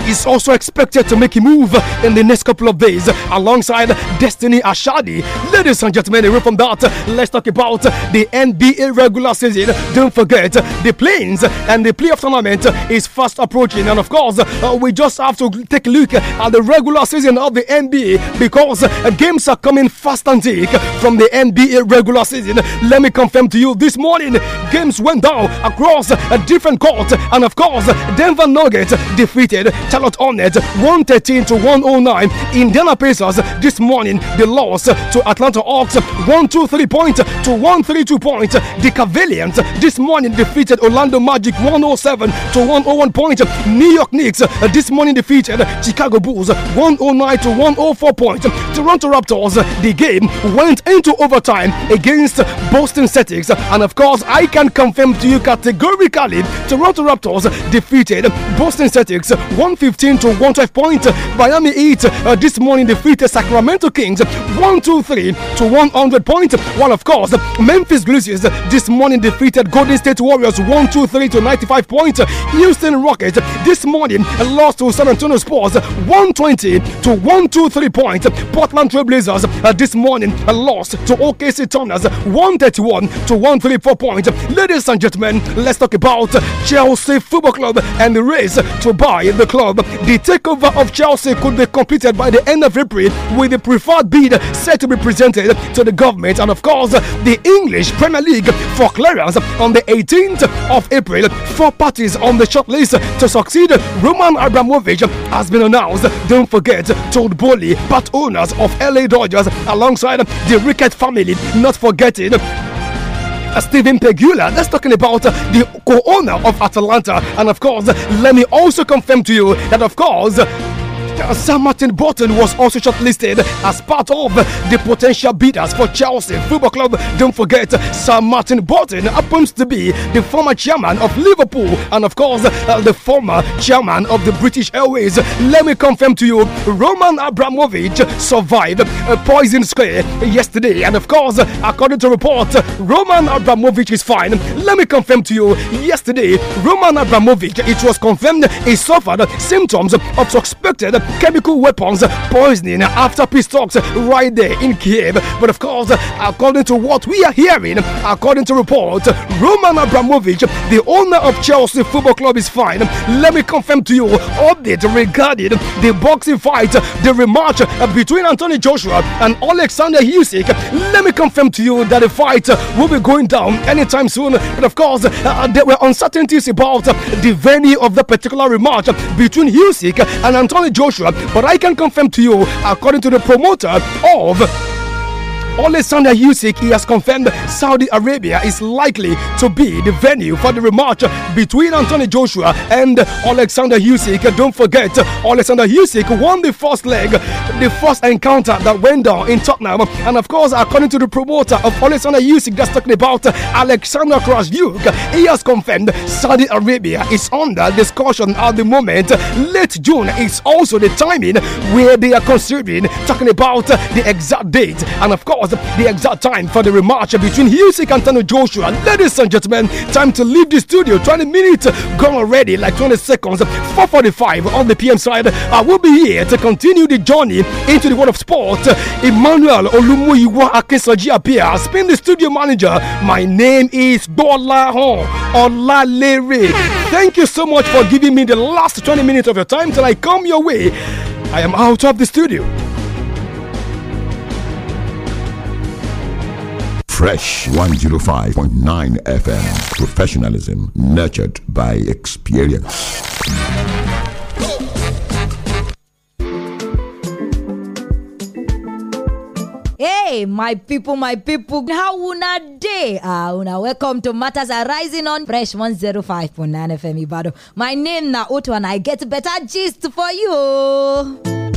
is also expected to make a move in the next couple of days alongside Destiny Ashadi. Ladies and gentlemen, away from that, let's talk about the NBA regular season. Don't forget the planes and the playoff tournament is fast approaching. And of course, uh, we just have to take a look at the regular season of the NBA because uh, games are coming fast and thick from the NBA regular season. Let me confirm to you this morning, games went down across a uh, different court. And of course, Denver Nuggets defeated. Charlotte Hornets 113 to 109. Indiana Pacers this morning the loss to Atlanta Hawks 123 points to 132 points. The Cavaliers this morning defeated Orlando Magic 107 to 101 points. New York Knicks this morning defeated Chicago Bulls 109 to 104 points. Toronto Raptors the game went into overtime against Boston Celtics and of course I can confirm to you categorically Toronto Raptors defeated Boston Celtics 150 15 to 112 points. Miami Heat uh, this morning defeated Sacramento Kings 123 to 100 points. While, of course, Memphis Grizzlies this morning defeated Golden State Warriors 123 to 95 points. Houston Rockets this morning lost to San Antonio Spurs 120 to 123 points. Portland Trailblazers uh, this morning lost to OKC Thunders 131 to 134 points. Ladies and gentlemen, let's talk about Chelsea Football Club and the race to buy the club club. The takeover of Chelsea could be completed by the end of April with the preferred bid set to be presented to the government and, of course, the English Premier League for clearance on the 18th of April. Four parties on the shortlist to succeed Roman Abramovich has been announced. Don't forget, Todd Bowley, part owners of LA Dodgers, alongside the Rickett family, not forgetting uh, Steven Pegula. That's talking about uh, the co-owner of Atalanta. And of course, let me also confirm to you that, of course, Sir Martin Burton was also shortlisted as part of the potential bidders for Chelsea Football Club. Don't forget, Sir Martin Burton happens to be the former chairman of Liverpool and, of course, uh, the former chairman of the British Airways. Let me confirm to you, Roman Abramovich survived a poison scare yesterday, and of course, according to report, Roman Abramovich is fine. Let me confirm to you, yesterday, Roman Abramovich, it was confirmed he suffered symptoms of suspected chemical weapons, poisoning after peace talks right there in Kiev. But of course, according to what we are hearing, according to reports, Roman Abramovich, the owner of Chelsea Football Club, is fine. Let me confirm to you update regarding the boxing fight, the rematch between Anthony Joshua and Alexander Usyk. Let me confirm to you that the fight will be going down anytime soon. And of course, uh, there were uncertainties about the venue of the particular rematch between Usyk and Anthony Joshua. But I can confirm to you, according to the promoter of Alexander Usyk he has confirmed Saudi Arabia is likely to be the venue for the rematch between Anthony Joshua and Alexander Usyk. Don't forget, Alexander Usyk won the first leg, the first encounter that went down in Tottenham. And of course, according to the promoter of Alexander Usyk, that's talking about Alexander Krasjuk, he has confirmed Saudi Arabia is under discussion at the moment. Late June is also the timing where they are considering talking about the exact date. And of course, the exact time for the rematch between Usyk and Tano Joshua. Ladies and gentlemen, time to leave the studio. 20 minutes gone already, like 20 seconds. 4:45 on the PM side. I will be here to continue the journey into the world of sport. Emmanuel Olumuyiwa Akinsoji appears. Spin the studio manager. My name is Bola Hon Olalere. Thank you so much for giving me the last 20 minutes of your time till I come your way. I am out of the studio. Fresh 105.9 FM. Professionalism nurtured by experience. Hey, my people, my people, how una day? Ah, una welcome to Matters Arising on Fresh 105.9 FM Ibado. My name na Utu, and I get better gist for you.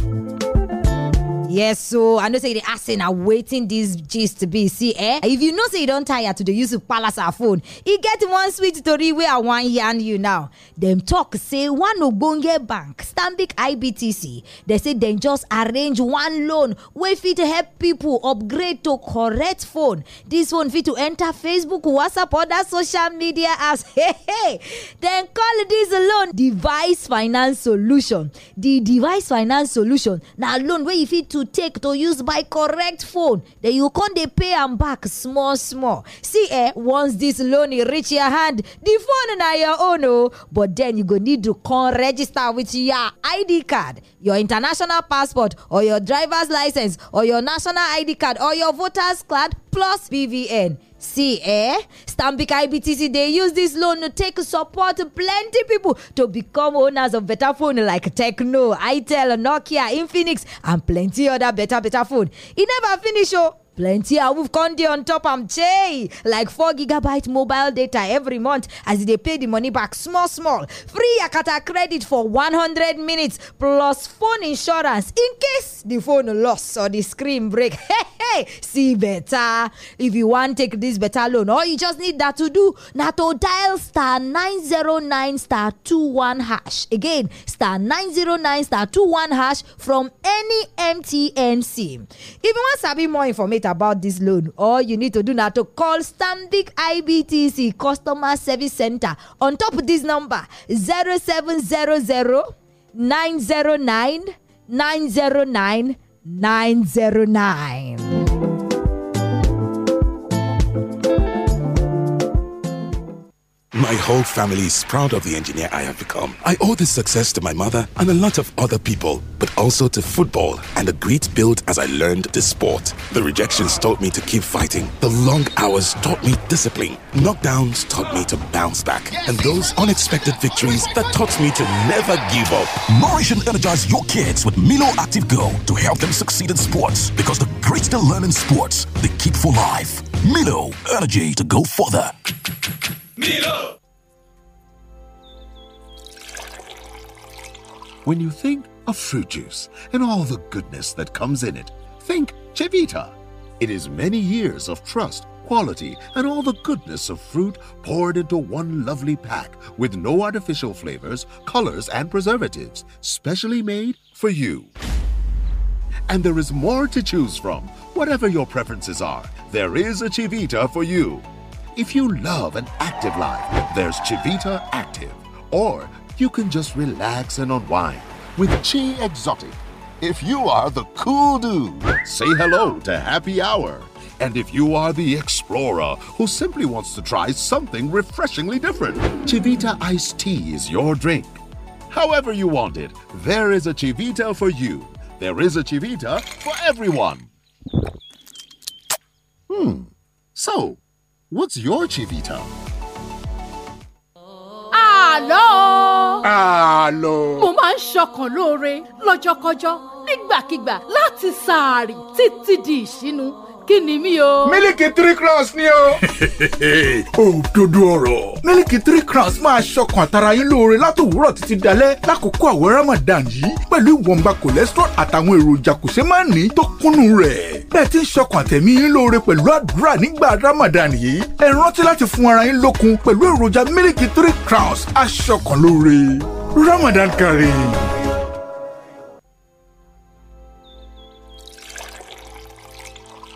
Yes, so I know say they asking are waiting this gist to be. See, eh? If you know say you don't tire to the use of palace our phone, You get one sweet story where I want yarn you now. Them talk say one Ogbonge Bank, Stambik IBTC. They say they just arrange one loan where fit help people upgrade to correct phone. This one fit to enter Facebook, WhatsApp, other social media apps. Hey, hey. Then call this loan device finance solution. The device finance solution. Now loan where you fit to take to use by correct phone then you can dey pay and back small small see eh once this loan reach your hand the phone na your own o oh. but then you go need to con register with your id card your international passport or your drivers licence or your national id card or your voters card plus bvn See, eh? Stambika IBTC, they use this loan to take support plenty people to become owners of better phone like Techno, Itel, Nokia, Infinix, and plenty other better, better phone. It never finish, oh plenty of con dey on top i am jay like 4 gigabyte mobile data every month as they pay the money back small small free akata credit for 100 minutes plus phone insurance in case the phone lost or the screen break hey hey see better if you want take this better loan all you just need that to do na to dial star 909 star 21 hash again star 909 star 21 hash from any mtn sim if you wan be more information about this loan, all you need to do now to call Stambik IBTC Customer Service Center on top of this number 0700 909 909 909. My whole family is proud of the engineer I have become. I owe this success to my mother and a lot of other people, but also to football and the great build as I learned the sport. The rejections taught me to keep fighting. The long hours taught me discipline. Knockdowns taught me to bounce back. And those unexpected victories that taught me to never give up. Nourish and energize your kids with Milo Active Go to help them succeed in sports because the greats they learn in sports, they keep for life. Milo, energy to go further. Milo! When you think of fruit juice and all the goodness that comes in it, think Chevita. It is many years of trust, quality, and all the goodness of fruit poured into one lovely pack with no artificial flavors, colors, and preservatives, specially made for you. And there is more to choose from. Whatever your preferences are, there is a Chivita for you. If you love an active life, there's Chivita Active. Or you can just relax and unwind with Chi Exotic. If you are the cool dude, say hello to Happy Hour. And if you are the explorer who simply wants to try something refreshingly different, Chivita Iced Tea is your drink. However you want it, there is a Chivita for you. There is a Chivita for everyone. Hmm. So, What's your Chivita? Àlọ́. Àlọ́. Mo máa ń ṣọkàn lóore lọ́jọ́kọjọ́ nígbàkigbà láti sàárì títí di ìṣínú mílíkì ni mí o. mílíkì three crowns ni o. òdodo ọ̀rọ̀ mílíkì three crowns máa ṣọkàn àtàrà yín lóore látòwúrọ̀ títí dalẹ́ lákòókò àwẹ̀ ramadan yìí pẹ̀lú ìwọ̀nba cholesterol àtàwọn èròjà kò ṣe máa ní tó kúnnú rẹ̀. bẹ́ẹ̀ ti ń ṣọkàn àtẹ̀mí yín lóore pẹ̀lú àdúrà nígbà ramadan yìí ẹ rántí láti fún ara yín lókun pẹ̀lú èròjà mílíkì three crowns aṣọkàn lóore ramadan kareem.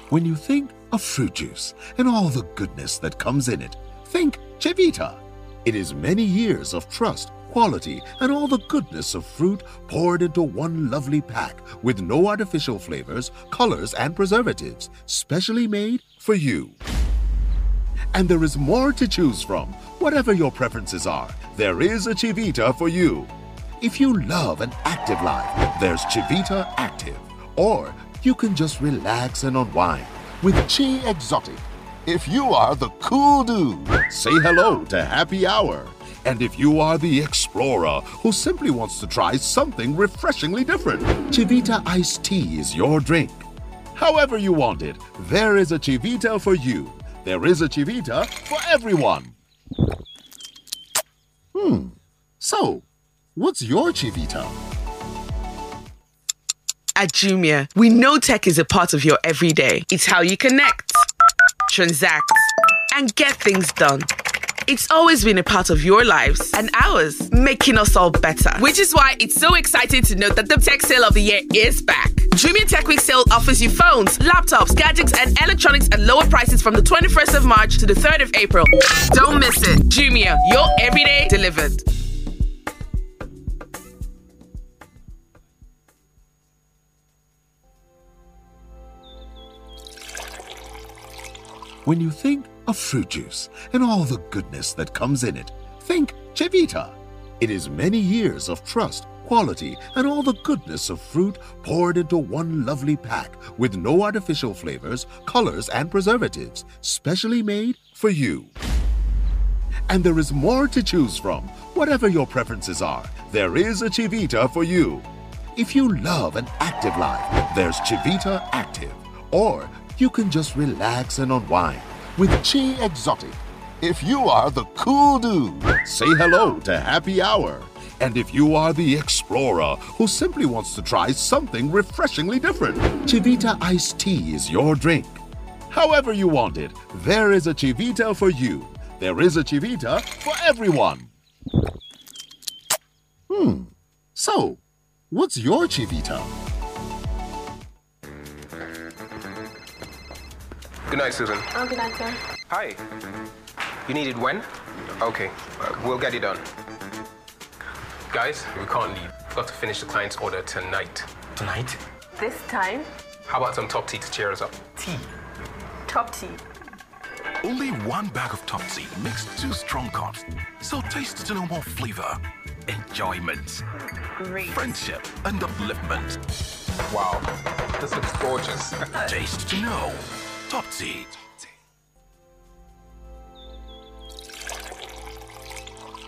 When you think of fruit juice and all the goodness that comes in it, think Chivita. It is many years of trust, quality, and all the goodness of fruit poured into one lovely pack with no artificial flavors, colors, and preservatives, specially made for you. And there is more to choose from. Whatever your preferences are, there is a Chivita for you. If you love an active life, there's Chivita Active. Or you can just relax and unwind with Chi Exotic. If you are the cool dude, say hello to Happy Hour. And if you are the explorer who simply wants to try something refreshingly different, Chivita Iced Tea is your drink. However you want it, there is a Chivita for you. There is a Chivita for everyone. Hmm. So, what's your Chivita? At Jumia, we know tech is a part of your everyday. It's how you connect, transact, and get things done. It's always been a part of your lives and ours, making us all better. Which is why it's so exciting to note that the tech sale of the year is back. Jumia Tech Week sale offers you phones, laptops, gadgets, and electronics at lower prices from the 21st of March to the 3rd of April. Don't miss it. Jumia, your everyday delivered. When you think of fruit juice and all the goodness that comes in it, think Chivita. It is many years of trust, quality, and all the goodness of fruit poured into one lovely pack with no artificial flavors, colors, and preservatives, specially made for you. And there is more to choose from. Whatever your preferences are, there is a Chivita for you. If you love an active life, there's Chivita Active. Or you can just relax and unwind with Chi Exotic. If you are the cool dude, say hello to Happy Hour. And if you are the explorer who simply wants to try something refreshingly different, Chivita iced tea is your drink. However you want it, there is a Chivita for you. There is a Chivita for everyone. Hmm. So, what's your Chivita? Good night, Susan. Oh, good night, sir. Hi. You need it when? Okay, uh, we'll get it done. Guys, we can't leave. We've got to finish the client's order tonight. Tonight? This time? How about some top tea to cheer us up? Tea? Top tea. Only one bag of top tea makes two strong cups. So taste to know more flavor, enjoyment, Great. friendship, and upliftment. Wow, this looks gorgeous. taste to know.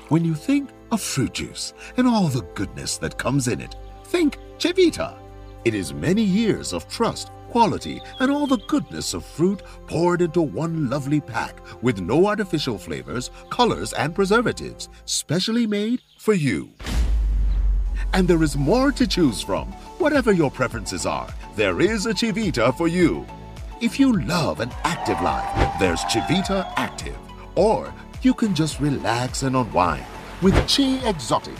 When you think of fruit juice and all the goodness that comes in it, think Chivita. It is many years of trust, quality, and all the goodness of fruit poured into one lovely pack with no artificial flavors, colors, and preservatives, specially made for you. And there is more to choose from. Whatever your preferences are, there is a Chivita for you. If you love an active life, there's Chivita Active. Or you can just relax and unwind with Chi Exotic.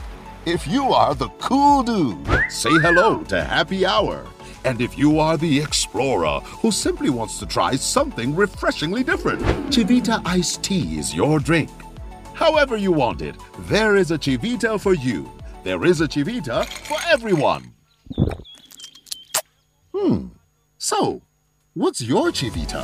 If you are the cool dude, say hello to Happy Hour. And if you are the explorer who simply wants to try something refreshingly different, Chivita Iced Tea is your drink. However you want it, there is a Chivita for you. There is a Chivita for everyone. Hmm. So, What's your Chivita?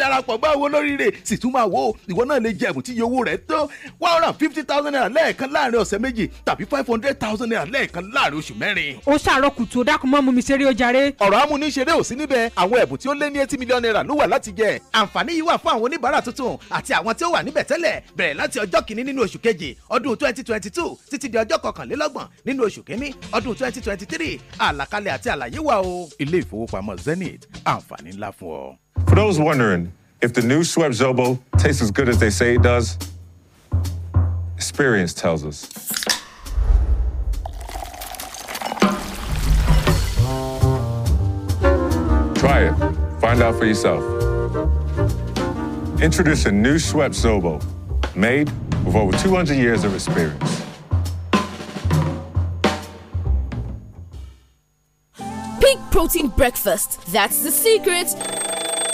darapọ̀ bá owó lóríire sì tún máa wò ó ìwọ náà lè jẹ ẹ̀bùn tí iye owó rẹ̀ tó one hundred and fifty thousand naira lẹ́ẹ̀kan láàrin ọ̀sẹ̀ méjì tàbí five hundred thousand naira lẹ́ẹ̀kan láàrin oṣù mẹ́rin. ó ṣàárọ̀ kùtù ó dákun mọ́ mú mi ṣeré ó ọ̀rọ̀ amúniṣeré ò sí níbẹ̀ àwọn ẹ̀bùn tí ó lé ní eighty million naira ló wà láti jẹ. àǹfààní yìí wà fún àwọn oníbàárà tuntun àti àwọn tí ó wà níbẹ̀ tẹ́lẹ̀ bẹ̀rẹ̀ láti ọjọ́ kìíní nínú oṣù kejì ọdún twenty twenty two títí di ọjọ́ kọkànlélọ́gbọ̀n nínú oṣù kìíní ọdún twenty twenty three àlàkalẹ̀ àti àlàyé wà o. ilé ìfowópamọ́ Zenith àǹfààní ńlá fún ọ. For those wondering if the new Schweppes Zobo tastes as good as they say it does, experience tells us. Try it. Find out for yourself. Introducing new Schweppes Zobo, made with over 200 years of experience. Peak protein breakfast. That's the secret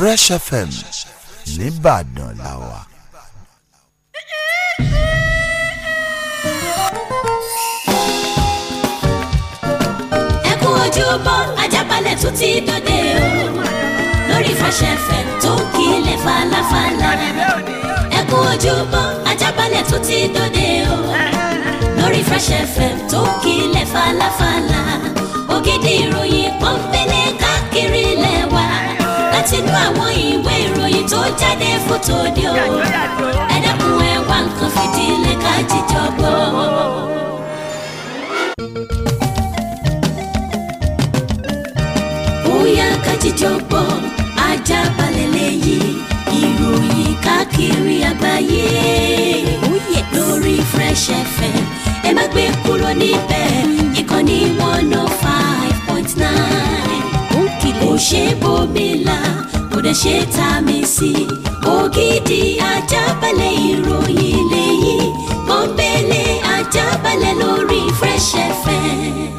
Fresh FM nìbàdàn la wà. ẹ kú ojúbọ Ajaabale tún ti dòde o lórí Fresh FM tó kílẹ̀ falafala ẹ kú ojúbọ Ajaabale tún ti dòde o lórí Fresh FM tó kílẹ̀ falafala ògidì ìròyìn pọ́npẹ́lẹ́ látinú àwọn ìwé ìròyìn tó jáde fún tòde o ẹ dẹ́kun nǹkan fìdílé ká jíjọ gbọ́. bóyá ká jíjọ gbọ́ ajá balẹ̀ lẹ́yìn ìròyìn káàkiri àgbáyé oh, lórí Fresh FM ẹ má gbé kúrò níbẹ̀ ìkànnì one oh five point nine ṣe bòmílà kò dẹ̀ ṣe ta mi sí i ògidì ajábalẹ̀ ìròyìn lẹ́yìn pọ́npẹ́lẹ́ ajábalẹ̀ lórí Fresh FM.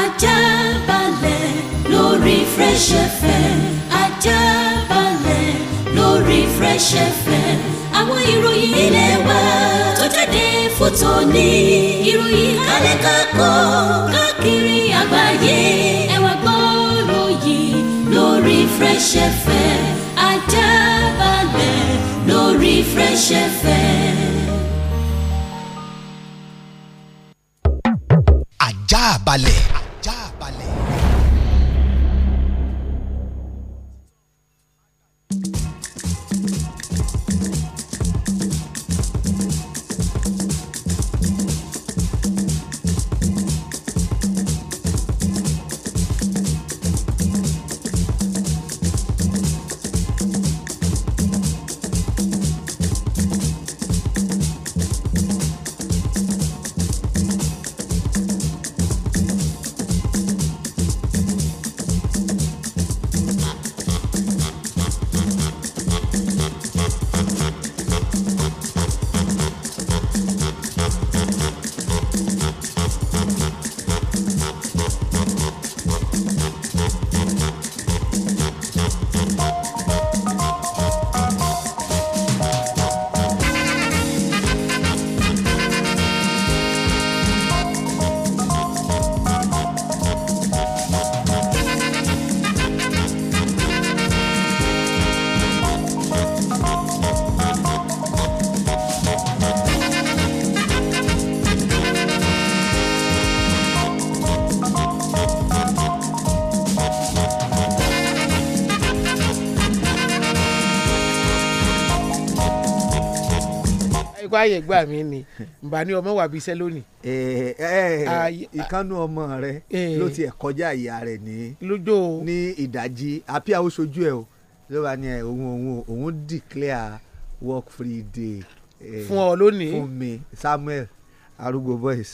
ajábalẹ̀ lórí Fresh FM ajábalẹ̀ lórí Fresh FM àwọn ìròyìn ilé wa tó jáde fún tòní. ìròyìn kálẹ̀ kákó káàkiri àgbáyé ẹ wá gbọ́rọ̀ yìí lórí Fresh FM ajá balẹ̀ lórí Fresh FM. ajá balẹ̀. báyẹ̀ gbà mí ni nbà ní ọmọ wà bí iṣẹ́ lónìí. ìkànnù ọmọ rẹ ló ti kọjá ìyá rẹ̀ ní ní ìdajì àbí àwọn oṣojú ẹ̀ o ló bá ní ẹ̀ òun òun declare work free day. fún ọ lónìí fún mi Samuel arúgbó boys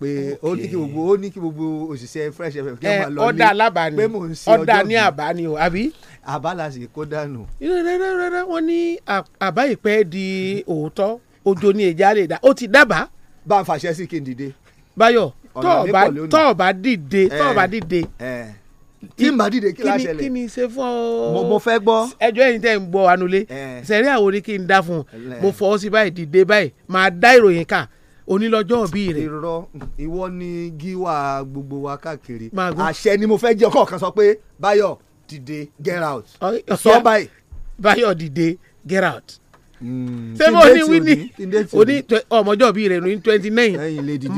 pé ó ní kí gbogbo ó ní kí gbogbo òṣìṣẹ́ fresh fm kí wọ́n lọ ní ọ̀dà alábà ni ọ̀dà ní àbá ni o àbí. àbá la sì kó dànù. wọ́n ní àbá ìpẹ́ di òótọ́ òjò ni èjà lè dá ó ti dábàá. bá a fàṣẹ sí kí n dìde. báyọ̀ tọ́ ọ̀bá dìde tọ́ ọ̀bá dìde tí màá dìde kí la ṣẹlẹ̀ kí ni ṣe fún ọ. mo mo fẹ́ gbọ́. ẹjọ́ ẹ̀yin tẹ́ ń gbọ́ anulé sẹ̀rí àwọn orí kí n dá fún un mo fọwọ́ sí báyìí dìde báyìí máa dá ìròyìn kà onílọ́jọ́ bí rẹ̀. irọ́ ìwọ ni giwa gbogbo wa káàkiri àṣẹ ni mo fẹ́ jẹ́ ọkọ̀ kan sọ pé Báyọ̀ dìde get out sọ báyìí. Báyọ̀ dìde get out ṣé mo ní wí ní oní ọmọjọ́ bíi rẹ̀ ní twenty nine. ẹyin lè dìde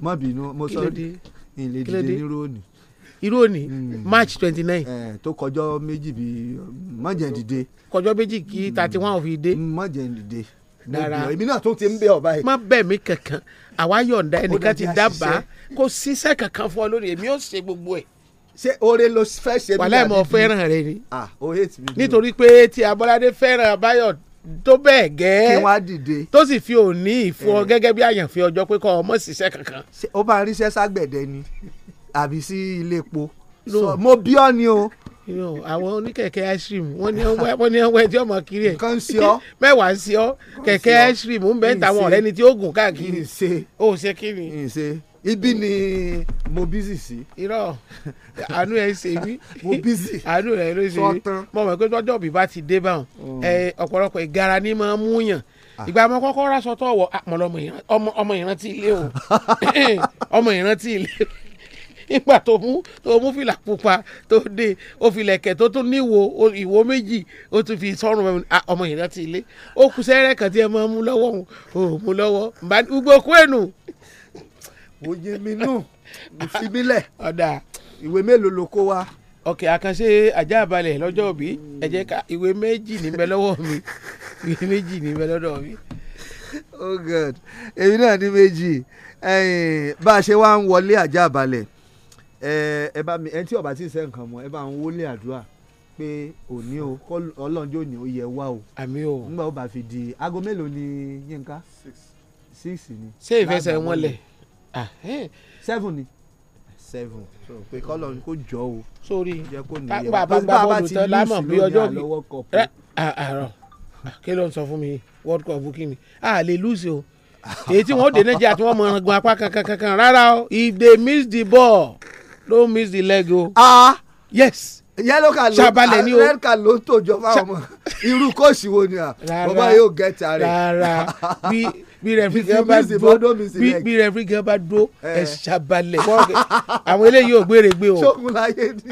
má bínú mo sọ ẹyin lè dìde ní róòní. irú òní hmm. march twenty nine. ẹ tó kọjọ méjì bíi má jẹ́ dìde. kọjọ méjì kí hmm. thirty one fi dé. Hmm, má jẹ́ dìde dára èmi náà tó ti ń bẹ ọba yìí. má bẹ̀ mí kankan àwa yọ̀ǹda ẹnìkan ti dábàá kó ṣiṣẹ́ kankan fún ọ lórí èmi ó ṣe gbogbo ẹ̀. ṣé oore ló fẹ́ ṣe mí. wàhálà ìmọ̀ fẹ́ràn rẹ ni. ah o hate me. nítorí pé tí Abọ́ládé fẹ́ràn Abáyọ̀ tó bẹ́ẹ̀ gẹ́ kí wọ́n á dìde tó sì fi òní ìfún ọ eh. gẹ́gẹ́ bí àyànfi ọjọ́ pé kọ́ ọmọ ṣiṣẹ́ kankan. ó bá ń ríṣẹ́ ságbẹ̀dẹ ni àbí sí ilé epo mo bí ọ ni o. àwọn oníkẹ̀kẹ́ ice cream wọ́n ní ọwọ́ ẹjọ́ ọmọ kiri ẹ̀ nǹkan sí ọ mẹ́wàá sí ọ kẹ̀kẹ́ ice cream ń bẹ́ẹ̀ táwọn ọ̀rẹ́ ni tí ó gùn káàkiri. ǹṣe ó ṣe kí ni ibi ni mo busy sí. irọ́ àánú ẹ̀ ṣe mí. mo busy. àánú ẹ̀ ló ṣe mí. mo mọ̀ pé tọ́jọ́ bí bá ti dé báwọn. Oh. ọ̀pọ̀lọpọ̀ ìgara ni máa ń mú yàn. Ah. ìgbà mo kọ́kọ́ ráṣọ tó wọ̀ ah, ọmọ ìrántí ilé o ọmọ ìrántí ilé nígbà tó mú tó mú fìlà pupa tó dé ó fi lẹ̀kẹ̀ tó tún níwo ìwo méjì o tún fi sọ́run ah, ọmọ ìrántí ilé ó kù sẹ́rẹ̀ kan tí ẹ máa mú lọ́wọ́ òun mú lọ́wọ́ gbogbo kú ẹ̀nu kò yé mi nù mo fi mí lẹ̀ ìwé mélòó ló kó wa. ok àkànṣe ajá balẹ̀ lọ́jọ́ òbí ẹ jẹ́ ká ìwé méjì níbẹ̀ lọ́wọ́ mi ìwé méjì níbẹ̀ lọ́dọ̀ mi. oh god èmi náà ní méjì bá a ṣe wá ń wọlé ajá balẹ̀ ẹ bá mi ẹni tí ọba ti ń sẹ́ nǹkan mọ́ ẹ bá ń wọlé àdúrà pé òní o ọlọ́njọ́ òní ó yẹ wá o. àmì o nígbà ó bá fi di aago mélòó ni yínká. six six ni. ṣé ìfẹsẹ̀ wọn lẹ̀ seven ni seven so pé kọ́lọ̀ ń kó jọ o. sórí bàbá gbà bọ́ọ̀lù tán lámọ̀ bí ọjọ́ bí àárọ̀ ah, kí ló ń sọ fún mi world cup kí ni a lè lose o èyí tí wọ́n dé nàìjíríà tí wọ́n mọ ọ̀ràn gun apá kankan kankan rárá o if they miss the ball don't miss the leg o. ah yes yẹ́lò kà ló ṣàbalẹ̀ ni o red card ló ń tòjọ fáwọn ọmọ irú kóòsì wo ni à bọ́bá yóò gẹ́ tààrẹ. rárá bí bí rẹfri gan bá dúró bí bí rẹfri gan bá dúró ẹ ṣàbalẹ̀ àwọn eléyìí ò gbére gbé o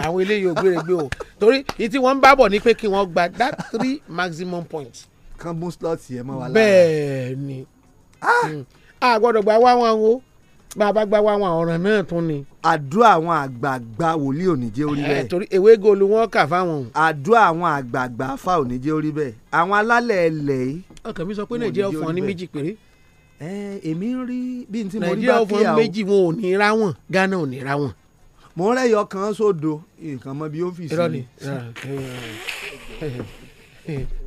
àwọn eléyìí ò gbére gbé o torí ìtí wọ́n ń bá bọ̀ ni pé kí wọ́n gba that three maximum points. kan mú slot yẹn mọ́ wa lára. bẹ́ẹ̀ ni ah! hmm. a gbọ́dọ̀ gba wá wọn o bàbá gba wa àwọn ọ̀ràn náà tún ni. àdúrà àwọn àgbààgbà wòlíì ò ní jẹ́ orí bẹ́ẹ̀. torí ewé golu wọn kà fáwọn. àdúrà àwọn àgbààgbà fà ò ní jẹ́ orí bẹ́ẹ̀. àwọn alálẹ̀ ẹlẹ̀ yìí. ọkàn mi sọ pé nàìjíríà ọ̀fọ̀n ní méjì péré. ẹ èmi ń rí bí n ti mo rí bá nàìjíríà ọ̀fọ̀n méjì wọn ò ní ra wọn ghana ò ní ra wọn. mo ń rẹ́yọ kan sódò nǹkan mọ bí ọ́fíìsì mi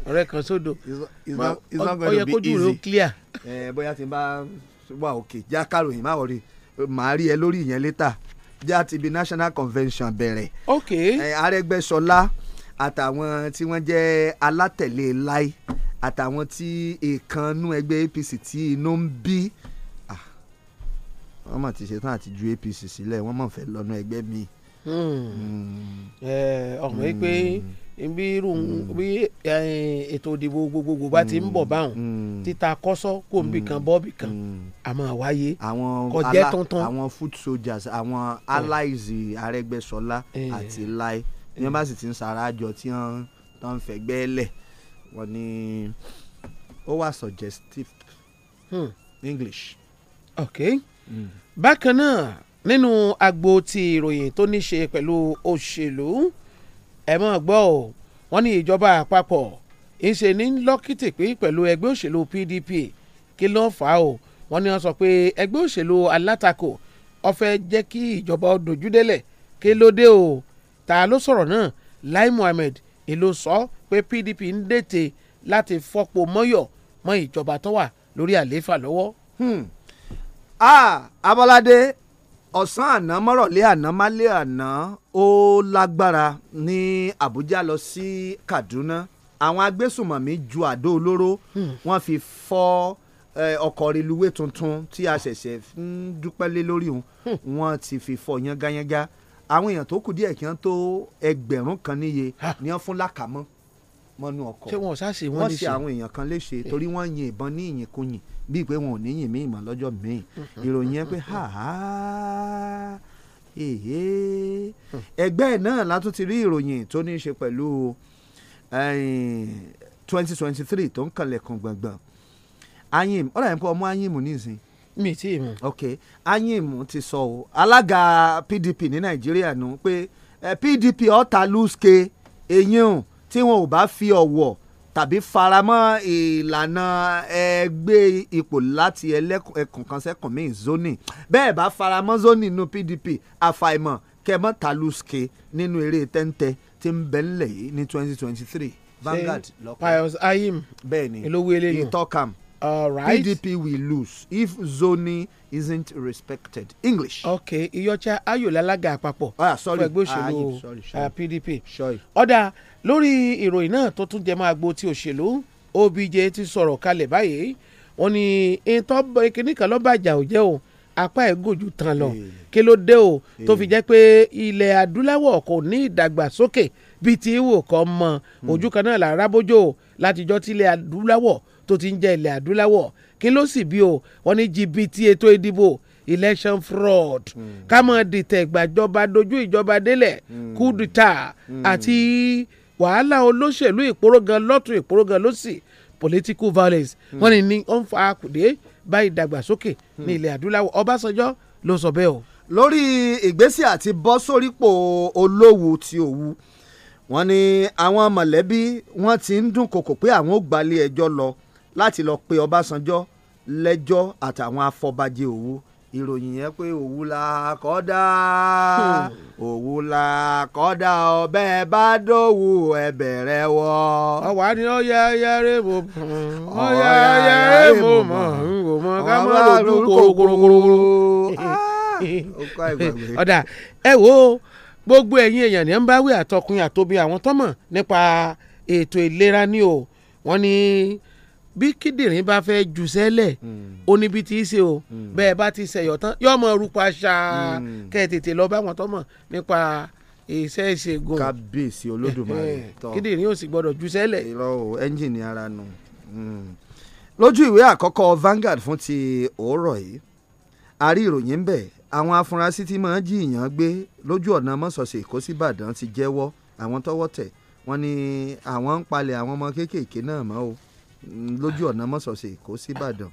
ọ̀rẹ́ kan sódò ó yẹ kójú rẹ ó clear. bóyá ti bá wà òkè já kàròyìn má wọrí màá rí ẹ lórí ìyẹn létà já ti bi national convention bẹ̀rẹ̀. ok ẹ Arẹ́gbẹ́ṣọlá àtàwọn tí wọ́n jẹ́ alátẹ̀lé láì àtàwọn tí ìkànnú ẹgbẹ́ APC tí inú ń bí ah, wọ́n mọ̀ ti ṣetán àti ju APC sílẹ̀ wọ́n mọ̀ fẹ́ lọ́nu ẹgbẹ́ míì Hmm. Eh, ọmọ yìí pé hmm. bí irú eh, bí ètò ìdìbò gbogbogbò bá ti ń bọ̀ hmm. báwọn títa kọ́sọ́ kò ń bìkan bọ́ọ̀bì kan àmọ́ àwáyé kọjẹ́ tuntun. àwọn foot soldiers àwọn eh. allies Arẹ́gbẹ́ṣọlá àti Lai ní wọ́n bá sì ti ń sarajọ tí wọ́n tó lẹ̀ wọ́n ní ó wà suggestive English. okay. Mm. bákan náà nínú agbo ti ìròyìn tó ní ṣe pẹ̀lú òṣèlú ẹ mọ̀ gbọ́ ò wọ́n ní ìjọba àpapọ̀ ìṣe ní lọ́kìtìpín pẹ̀lú ẹgbẹ́ òṣèlú PDP kí ló fà á o wọ́n ní wọ́n sọ pé ẹgbẹ́ òṣèlú alátakò ó fẹ́ jẹ́ kí ìjọba dojú délẹ̀ kí ló dé o ta ló sọ̀rọ̀ náà Lai Mohammed èló sọ pé PDP ń dètè láti fọ́pọ̀ mọ́yọ̀ mọ́ ìjọba tó wà lórí àlééfà lọ́wọ́. Hmm. Ah, abalade ọ̀sán àná mọ́rọ̀lẹ́ àná málẹ́ àná ó lágbára ní Àbújá lọ sí Kaduna àwọn agbésùmọ̀mí ju àdó olóró hmm. wọ́n fi fọ́ ọkọ̀ reluwé tuntun tí a ṣẹ̀ṣẹ̀ ń dúpẹ́ lé lórí òun hmm. wọ́n ti fi fọ́ yángayánga àwọn èèyàn tó kù díẹ̀ kí wọ́n tó ẹgbẹ̀rún kan níye ni wọ́n fún lákàmọ́ mọ́nú ọkọ̀ wọ́n ṣe àwọn èèyàn kan léṣe hmm. torí wọ́n yin ìbọn ní ìyìnkúyìn bíi pé wọn ò níyìn mí ìmọ̀ lọ́jọ́ míì ìròyìn yẹn pé ha ha èyí ẹgbẹ́ náà látún ti rí ìròyìn tó ní í ṣe pẹ̀lú twenty twenty three tó ń kalẹ̀kùn gbọ̀ngbọ̀n ayim ọ̀rọ̀ yẹn pé ọmọ ayim nìsín. mi tí ì mọ. ok ayim ti sọ o alága pdp ní nàìjíríà nù pé pdp ọ̀tá lùsùkè eyín tí wọn ò bá fi ọ̀wọ̀ tàbí faramọ́ ìlànà ẹgbẹ́ ipò láti ẹkùn kan sẹ́kùn míì zoni bẹ́ẹ̀ bá faramọ́ zoni nínú PDP àfàìmọ̀ kẹmọ́ taluske nínú eré tẹ́ńtẹ́ tí ń bẹ ńlẹ̀ yìí ní twenty twenty three Vanguard lọ́kàn Pius Ayim bẹ́ẹ̀ ni ìtọ́kam All right. PDP will lose if zoning isn't respected. English. Okay, Iyọ̀chà Ayọ̀lá alága àpapọ̀. Ah sorry, fún òṣèlú PDP. Ah, ah, Ọ̀dà lórí ìròyìn náà tó tún jẹ́ máa gbo ti òṣèlú OBJ ti sọ̀rọ̀ kalẹ̀ báyìí wọ́n ní ìtọ́ kìnnìkan lọ́bàjà ò jẹ́ o apá ẹ̀ gòjù tán lọ kí ló dé o tó fi jẹ́ pé ilẹ̀ adúláwọ̀ kò ní ìdàgbàsókè bíi ti ìwò kan mọ hmm. ojú kan náà làrábójò látijọ́ tí ilẹ̀ adúláwọ̀ tó ti ń jẹ ilẹ̀ adúláwọ̀ kí ló sì bí o wọ́n ní jìbìtì ètò ìdìbò election fraud hmm. ká mọ̀ dìtẹ̀ gbàjọba dojú ìjọba délẹ̀ kúdìtà hmm. hmm. àti wàhálà olóṣèlú ìporógan lọ́tún ìporógan lọ́sì political violence wọ́n ní ní ó ń fa akùdé bá ìdàgbàsókè ní ilẹ̀ adúláwọ̀ Ọbásanjọ́ ló sọ bẹ́ẹ̀ o. lórí ìgbésẹ̀ àti bọ́ sórípò olówó ti òwu wọ́n ní àwọn mọ̀lẹ́bí wọ́n ti ń dúnkokò pé àwọn ò gbalé ẹjọ́ lọ láti lọ pe Ọbásanjọ́ lẹ́jọ́ àtàwọn afọbajẹ Òwu ìròyìn yẹn pé Òwu la kọ́dá Òwu la kọ́dá ọbẹ̀ bá dòwú ẹ̀bẹ̀ rẹ wọ. ọwà ni ó yẹ yẹrẹ mo mọ ó yẹ yẹrẹ mo mọ n kò mọ ká má lòdù kòròkòròkòrò. Ah, ọ̀dà ẹ wo gbogbo ẹ̀yin èèyàn ní ń bá wí àtọkùnrin àtòbí àwọn tọ́mọ̀ nípa ètò ìlera ni o wọ́n ní. Ni bí kíndìnrín bá fẹ́ jù sẹ́lẹ̀ hmm. ó tí í ṣe o hmm. bẹ́ẹ̀ bá ti ṣẹ̀yọ̀ tán yóò mọ orúkọ àṣà hmm. kẹ́ ẹ̀ tètè lọ bá wọn tọ́mọ̀ nípa iṣẹ́ ìṣègùn. kábíyèsí olódùmarè tọ́ kíndìnrín ò sì gbọ́dọ̀ jù sẹ́lẹ̀. irọ́ o ẹ́ńjìnì ara nù. lójú ìwé àkọ́kọ́ Vanguard fún ti òórọ̀ yìí a rí ìròyìn bẹ̀ àwọn afurasí tí máa ń jiyàn gbé lójú ọ̀nà mọ́sọ̀ọ̀sẹ̀ Èkó sí ti jẹ́wọ́ àwọn tọ́wọ́ tẹ̀ wọ́n ní àwọn ń palẹ̀ àwọn ọmọ kéékèèké náà mọ́ o lójú ọ̀nà mọ́sọ̀ọ́sẹ̀ èkó síbàdàn.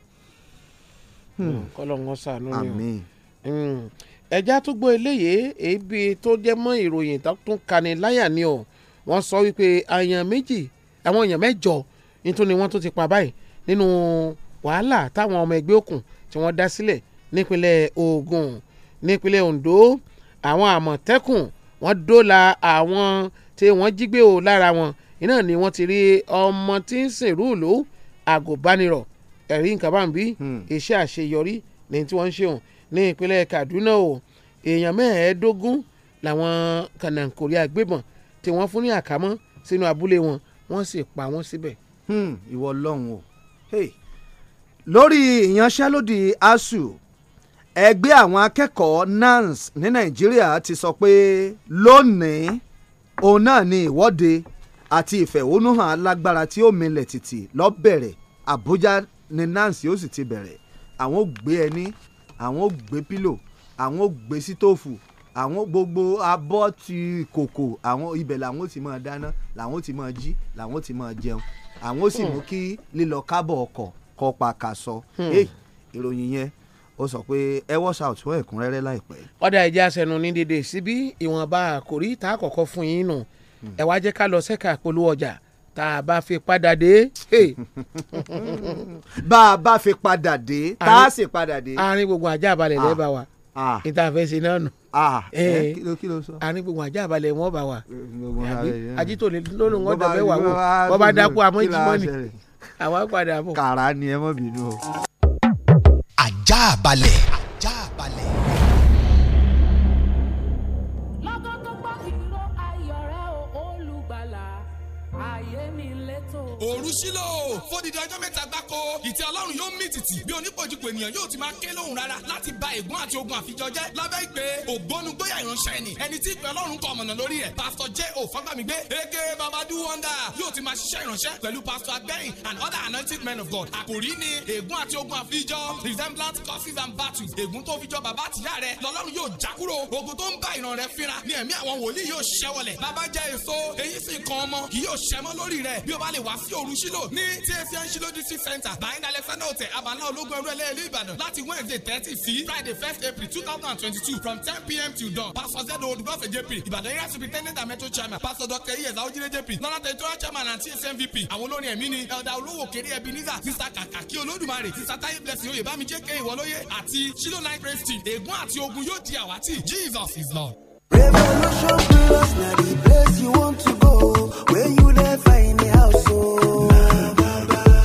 Hmm. Hmm. kọ́lọ́ngàn ṣàánú ni o àmín. Hmm. ẹja tó gbọ́ eléyìí èébì tó jẹ́ mọ́ ìròyìn tó ń kani láyà ni o wọ́n sọ wípé àyàn méjì àwọn èèyàn mẹ́jọ nítorí ni wọ́n tó ti pa báyìí nínú wàhálà táwọn ọmọ ẹgbẹ́ òkùn tí wọ́n dá sílẹ̀ nípínlẹ̀ Ògùn nípínlẹ̀ Ondo àwọn àmọ̀tẹ́kùn wọ́n dóòlà àwọn tí wọ́n jí gbé o lára wọn iná ni wọ́n ti rí ọmọ tí ń sìn rúùlù àgùnbánirọ̀ ẹ̀rí nǹkan bá ń bí hmm. iṣẹ́ àṣeyọrí ní tí wọ́n ń ṣe hàn ní ìpínlẹ̀ Kaduna o èèyàn mẹ́ẹ̀ẹ́dógún làwọn kànáńkòrí agbébọn tí wọ́n fún ní àkámọ́ sínú abúlé wọn wọ́n sì pa wọ́n síbẹ̀. Hmm, ìwọ ọlọ́run o lórí ìyanṣẹ́lódì ASUU ẹgbẹ́ àwọn akẹ́kọ̀ọ́ NANS ní Nàìjíríà ti sọ pé lónìí òun náà ni ìwọ́de àti ìfẹ̀hónúhàn alágbára tí ó milẹ̀ tìtì lọ bẹ̀rẹ̀ Àbújá ni Nancy ó sì ti bẹ̀rẹ̀ àwọn ò gbé ẹní àwọn ò gbé pílò àwọn ò gbé sítóòfù àwọn gbogbo abọ́ ti kòkò àwọn ibẹ̀ làwọn ò ti máa dáná làwọn ò ti máa jí làwọn ò ti máa jẹun àwọn ó sì mú hmm. kí lílọ kábọ̀ ọkọ̀ kọ́ pa kà sọ hmm. ìròyìn yẹn ó sọ pé ẹ wọ́sà ọ̀tún ẹ̀kúnrẹ́rẹ́ láìpẹ́. ọ̀dà ìjà sẹ́nu ní dédé síbí ìwọ̀nba àkòrí tá a kọ́kọ́ fún yín nù. No ẹ wá jẹ́ ká lọ sẹ́ka polówó ọjà tá a bá fi padà dé. bá a bá fi padà dé tá a sì padà dé. àárín gbogbo ajá balẹ̀ lẹ́ẹ̀ ah. bá wa ìtàfẹ́sẹ̀ ah. náà nù. Ah. Eh, àárín gbogbo ajá balẹ̀ wọ́n bá wa àjítò lónìí wọ́n dàbẹ́ wà wò wọ́n bá dákú àmọ́ ìjìmọ́ ni àwọn padà bọ̀. kàrà ni ẹ mọ̀ bínú ajá balẹ̀. òru sílò fódìdí ọjọ́ mẹ́ta gbáko ìtẹ́ ọlọ́run yóò mì tìtì bí onípojúpo ènìyàn yóò ti máa ké lóhùn rárá láti ba ègún àti ogun àfijọ́ jẹ́ lábẹ́ ìpè ògbónugbóyà ìránṣẹ́ ni ẹni tí ìpè ọlọ́run kọ ọ̀mọ̀nà lórí rẹ̀ pásítọ̀ j o fagbamigbe eke babadu wonder yóò ti máa ṣiṣẹ́ ìránṣẹ́ pẹ̀lú pásítọ̀ agbẹ́yìn and other anointed men of God àkòrí ni ègún àti ogun àfijọ́ resemblance causes and battles ègún tó fijọ́ bàbá àtìyá rẹ̀ lọ́lọ́run yóò já kúrò ogun tó ń bá ìran rẹ̀ fínra ni ẹ̀mí àwọn wòlíì yóò ṣẹ́wọlẹ̀ bàbá jẹ́ èso èyí sì kan ọmọ kì yóò ṣẹ́mọ́ lórí rẹ̀ bí ó bá lè wá sí sí òru sílò ní tfn sílò district center bàyìndà lẹ́fẹ̀nà òtẹ̀ abàlá ológun ẹrú ẹlẹ́ẹ̀lẹ́ ìbàdàn láti wednesday thirty sí friday first april two thousand and twenty-two from ten pm till dawn pastor zedo odugbofe jp ìbàdàn area superintendent and metro chairman pastor dr iyeza ojire jp nana territorial chairman and tsmvp àwọn olórin ẹ̀mí ni elda olówó kéré ẹbí nígbà sísá kàkàkí olódùmarè sísá táyé blessing oyèbámi jẹ́kẹ́ ìwọlóyè àti sílò nine praise team ègún àti ogun yóò di àwátì jesus is lord. Revolution Pillars, na the place you want to go, where you never in the house. Oh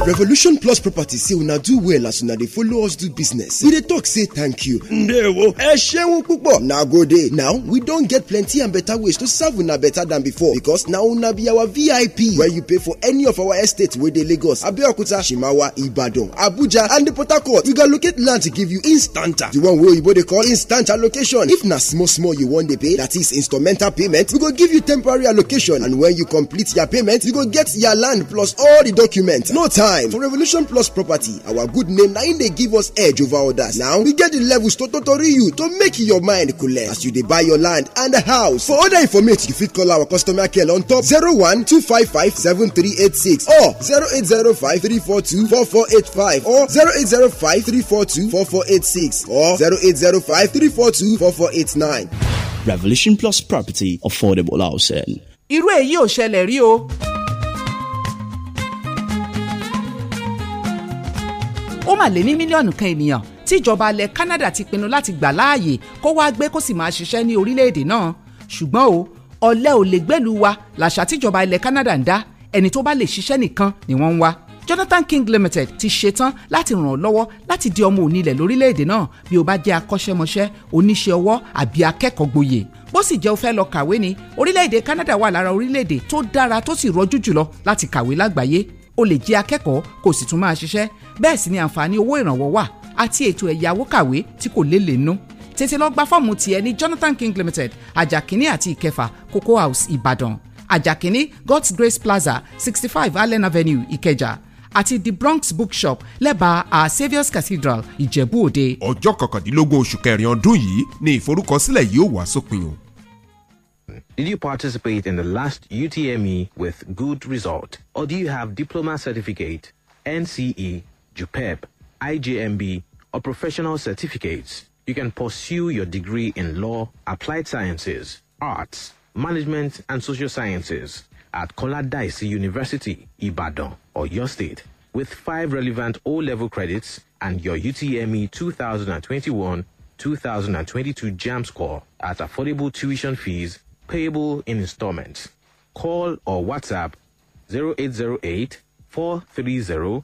revolution plus property say una do well as una dey follow us do business we dey talk say thank you ndewo ẹ ṣeun púpọ̀ na go dey now we don get plenty and better ways to serve una better than before because na una be our vip where you pay for any of our estates wey dey lagos abeokuta shimawa ibadan abuja and port harcourt we go locate land to give you instanta the one wey oyibo dey call instant allocation if na small small you wan dey pay that is instrumental payment we go give you temporary allocation and when you complete your payment you go get your land plus all the documents no time time for revolution plus property our good name na they give us edge over others now we get the levels to totori you to make your mind collect as you dey buy your land and a house for other information you fit call our customer care on top 012557386 or 08053424485 or 08053424486 or 08053424489. Revolution Plus Property Affordable Housing. irú èyí ò ṣẹlẹ̀ rí o. mà lé ní mílíọ̀nù kan ènìyàn tí ìjọba ilẹ̀ Canada ti pinnu láti gbà láàyè kó wá gbé kó sì máa ṣiṣẹ́ ní orílẹ̀-èdè náà ṣùgbọ́n o ọ̀lẹ ò lè gbẹ́lu wa làṣà tíjọba ilẹ̀ Canada ń dá ẹni tó bá lè ṣiṣẹ́ nìkan ni wọ́n ń wá Jonathan King Limited ti ṣetán láti ràn ọ́ lọ́wọ́ láti di ọmọ onílẹ̀ lórílẹ̀‐èdè náà bí o bá jẹ́ akọ́ṣẹ́mọṣẹ́ oníṣẹ́ ọwọ́ àbí akẹ́kọ̀ọ́ gboyè bó sì jẹ́ o fẹ́ lọ kàwé ni orílẹ̀‐èdè Canada wà lára orílẹ̀‐èdè tó dára tó sì rọjú jùlọ láti kàwé lágbàáyé o lè jẹ́ akẹ́kọ̀ọ́ kó sì tún máa ṣiṣẹ́ bẹ́ẹ̀ sì ni àǹfààní owó ìrànwọ́ wà àti ètò ẹ̀yáwó kàwé tí kò lélè nú tètè lọ gba fọ́ọ̀mù tiẹ̀ ní Jonathan King Limited ajakini àti ìkẹfà Cocoa House Ìbàdàn ajakini God's Grace Plaza sixty five Allen Avenue Ìkẹjà àti the Bronx Bookshop lẹ́bàá Our Saviour's Cathedral Ìjẹ̀bú Òde. ọjọ́ kọkàndínlógún oṣù kẹrin ọdún yìí ni ìforúkọsílẹ̀ yóò wá sópin o. Did you participate in the last UTME with good result or do you have diploma certificate NCE JUPEP, IJMB, or professional certificates, you can pursue your degree in law, applied sciences, arts, management, and social sciences at Koladaisi University, Ibadan, or your state, with five relevant O level credits and your UTME 2021 2022 JAM score at affordable tuition fees payable in installments. Call or WhatsApp 0808 430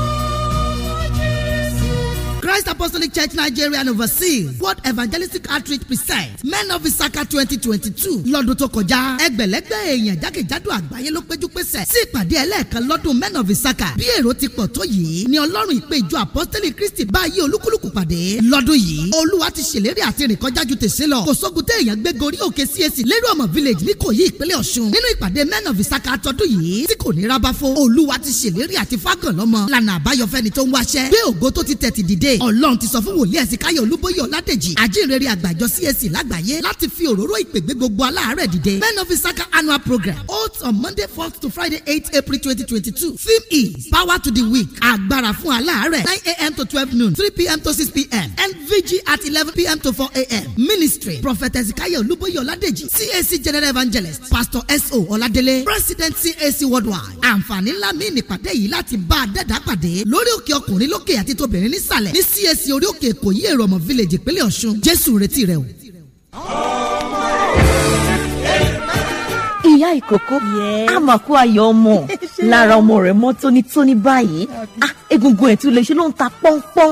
Apostolic Church Nigeria and overseas World Evangelistic Outreach Precept Men of Isaka twenty twenty two lọ́dún tó kọjá ẹgbẹ̀lẹ́gbẹ̀ èèyàn jákèjádò àgbáyé ló péjú pésẹ̀ sí ìpàdé ẹlẹ́ẹ̀kan lọ́dún Men of Isaka bí èrò ti pọ̀ tó yìí ni Ọlọ́run ìpè ìjọ Apostolic Christi báyìí olúkúlùkù pàdé lọ́dún yìí Olúwa ti ṣèlérí àti rìn kọjá ju tèṣe lọ kò sógun tẹ èèyàn gbé gorí òkè CAC lérò ọmọ village ní kòyí ìpínlẹ̀ Ọ̀ṣun nínú ìpàdé Men of Isaka tọdún yìí tí kò ní rábáfó Olúwa ti ṣèlérí àti fagàn lọ́mọ lànà àbáyọ fẹ́ni tó ń wáṣẹ́ ọlọ́run ti sọ fún wòlíì ẹ̀sìnkáyọ̀ olúbóyè ọ̀ládèjì àjíǹrere àgbàjọ CAC lágbàáyé láti fi òróró ìpègbè gbogbo aláàárẹ̀ dìde men of isaka annual program holds on monday fourth to friday eight april twenty twenty two theme is power to the weak agbára fún aláàárẹ̀ nine a.m. to twelve noon three p.m. to six p.m. nvg at eleven p.m. to four a.m. ministry prophet ẹ̀sìnkáyọ̀ olúbóyè ọ̀ládèjì CAC general evangelist pastor S.O. ọ̀ládélé president CAC worldwide àǹfààní ńlá mi nípàdé yìí láti bá a dẹ́dàá pàdé lórí òkè ọkùnrin lókè àti tóbìnrin nísàlẹ̀ ní CAC CAC orí òkè èkó yí èrò ọmọ village ìpínlẹ̀ ọ̀ṣun jésù retí rẹ o. ìyá ìkókó àmàkù ayọ̀ ọmọ lára ọmọ rẹ̀ mọ́ tónítóní báyìí ah, egungun ẹ̀ lè ṣe ló ń ta pọ́npọ́n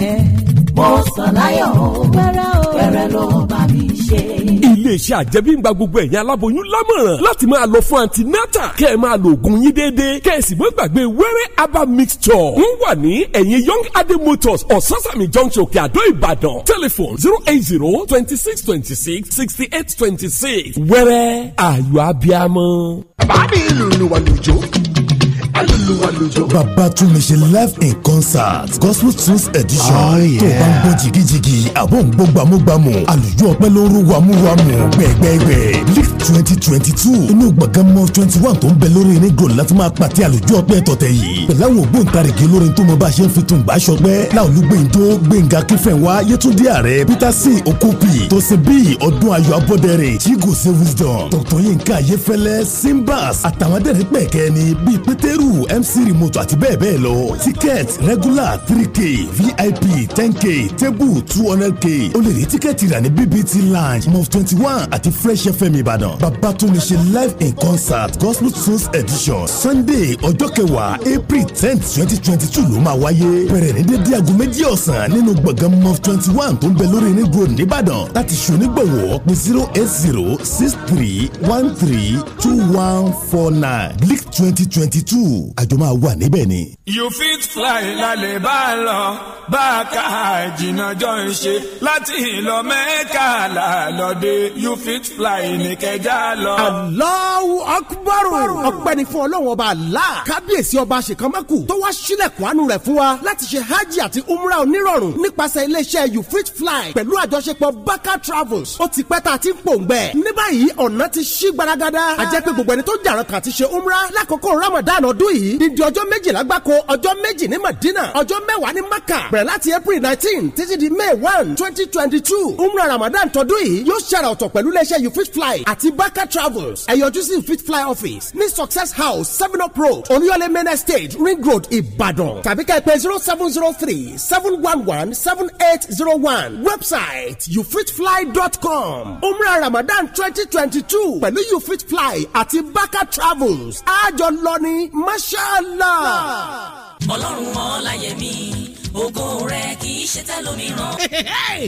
kẹ̀kẹ́. mo sàn láyọ̀ o pẹ̀rẹ̀ o pẹ̀rẹ̀ ló bá mi ṣe. iléeṣẹ́ àjẹmíngba gbogbo ẹ̀yin aláboyún lámọ̀ràn láti máa lọ fún antinata kẹ́ ẹ máa lo oògùn yín déédéé kẹ́ ẹ sì mọ́ gbàgbé wẹ́rẹ́ aba mixture ń wà ní ẹ̀yìn young adé motors ososami junction òkè àdó ìbàdàn telephone zero eight zero twenty six twenty six sixty eight twenty six wẹ́rẹ́ ayọ̀ abiamọ. bàbá mi lùlù wà lójó bàbá tún mi ṣe live in concert gospel tunes edition oh, tó bá ń gbọ́ jìgìjìgì àbọ̀ ń gbọ́ gbàmúgbàmù àlùjọ ọpẹ́ ló ń rú wàmúwàmù gbẹ̀gbẹ̀gbẹ̀ lift twenty twenty two inú gbọ̀ngàn mọ́ twenty one tó ń bẹ lórí eré gòlù láti máa pàtẹ àlùjọ ọpẹ́ tọ̀tẹ̀ yìí pẹ̀lú àwọn ògbóǹtarìgì olórin tó mọ bá ṣe ń fi tùǹgbà ṣọpẹ́ láòlú gbẹ̀ǹdó gbẹ̀ǹgà kífẹ̀wá yétúndé ààrẹ peter c okopi tòsí bíi ọdún ayọ̀ abọ́dẹ̀rẹ̀ chigoze wisdom tọ̀tọ̀ yínká ayéfẹ́lẹ́ simbas àtàwọn adẹ́rẹ́pẹ̀kẹ́ ni bíi pétérù yahoo mc remote àti bẹ́ẹ̀ bẹ́ẹ̀ lọ ticket regular three k vip ten k table two hundred k o lè rí tíkẹ́ẹ̀tì rà ní bbt lounge mof twenty one àti fresh fm ìbàdàn babatunde live in concert gospel tunes edition sunday ọjọ́ kẹwàá april tenth twenty twenty two ló máa wáyé bẹ̀rẹ̀ ní dédé aago méjì ọ̀sán nínú gbọ̀ngàn mof twenty one tó ń bẹ lórí ní road nìbàdàn láti ṣonígbọ̀wọ́ pé zero eight zero six three one three two one four nine blick twenty twenty two àjọ máa wà níbẹ̀ ni. you fit fly lálẹ́ bá a lọ bá a ká jìnnà jọ ń ṣe láti ìlọ mẹ́ka làlọ́dẹ you fit fly ní kẹjá lọ. Allahu Akbar ọpẹ́ ni fún ọlọ́run ọba Allah kábíyèsí ọba àṣekánmẹ́kù tó wá sílẹ̀kùn àánú rẹ̀ fún wa láti ṣe hajj àti umrah onírọ̀rùn nípasẹ̀ iléeṣẹ́ you fit fly pẹ̀lú àjọṣepọ̀ baka travels ó ti pẹ́ tá a ti ń pòǹgbẹ̀ ní báyìí ọ̀nà ti ṣí gbaragada àjẹpẹ́ gbogbo ẹni tó jàrọ̀ kà ti ṣe umrah lákòókò Ramadan ọd ọdún yìí ní di ọjọ́ méjìlá gbáko ọjọ́ méjì ní Madina ọjọ́ mẹ́wàá ní Maka bẹ̀rẹ̀ láti April nineteen títí di May one twenty twenty two umra Ramadan tọdún yìí yóò ṣàrà ọ̀tọ̀ pẹ̀lú iléeṣẹ́ you fit fly àti Baka travels ẹ̀yọjú sí you fit fly office ní Success House seven up road Oníyọ̀lé main estate ring road Ìbàdàn tàbí ká zero seven zero three seven one one seven eight zero one website dot com. umra Ramadan twenty twenty two pẹ̀lú you fit fly àti Baka travels àjọ lọ ní mashallah. ọlọ́run ọláyẹmí ògo rẹ kì í ṣe tẹlòmíràn.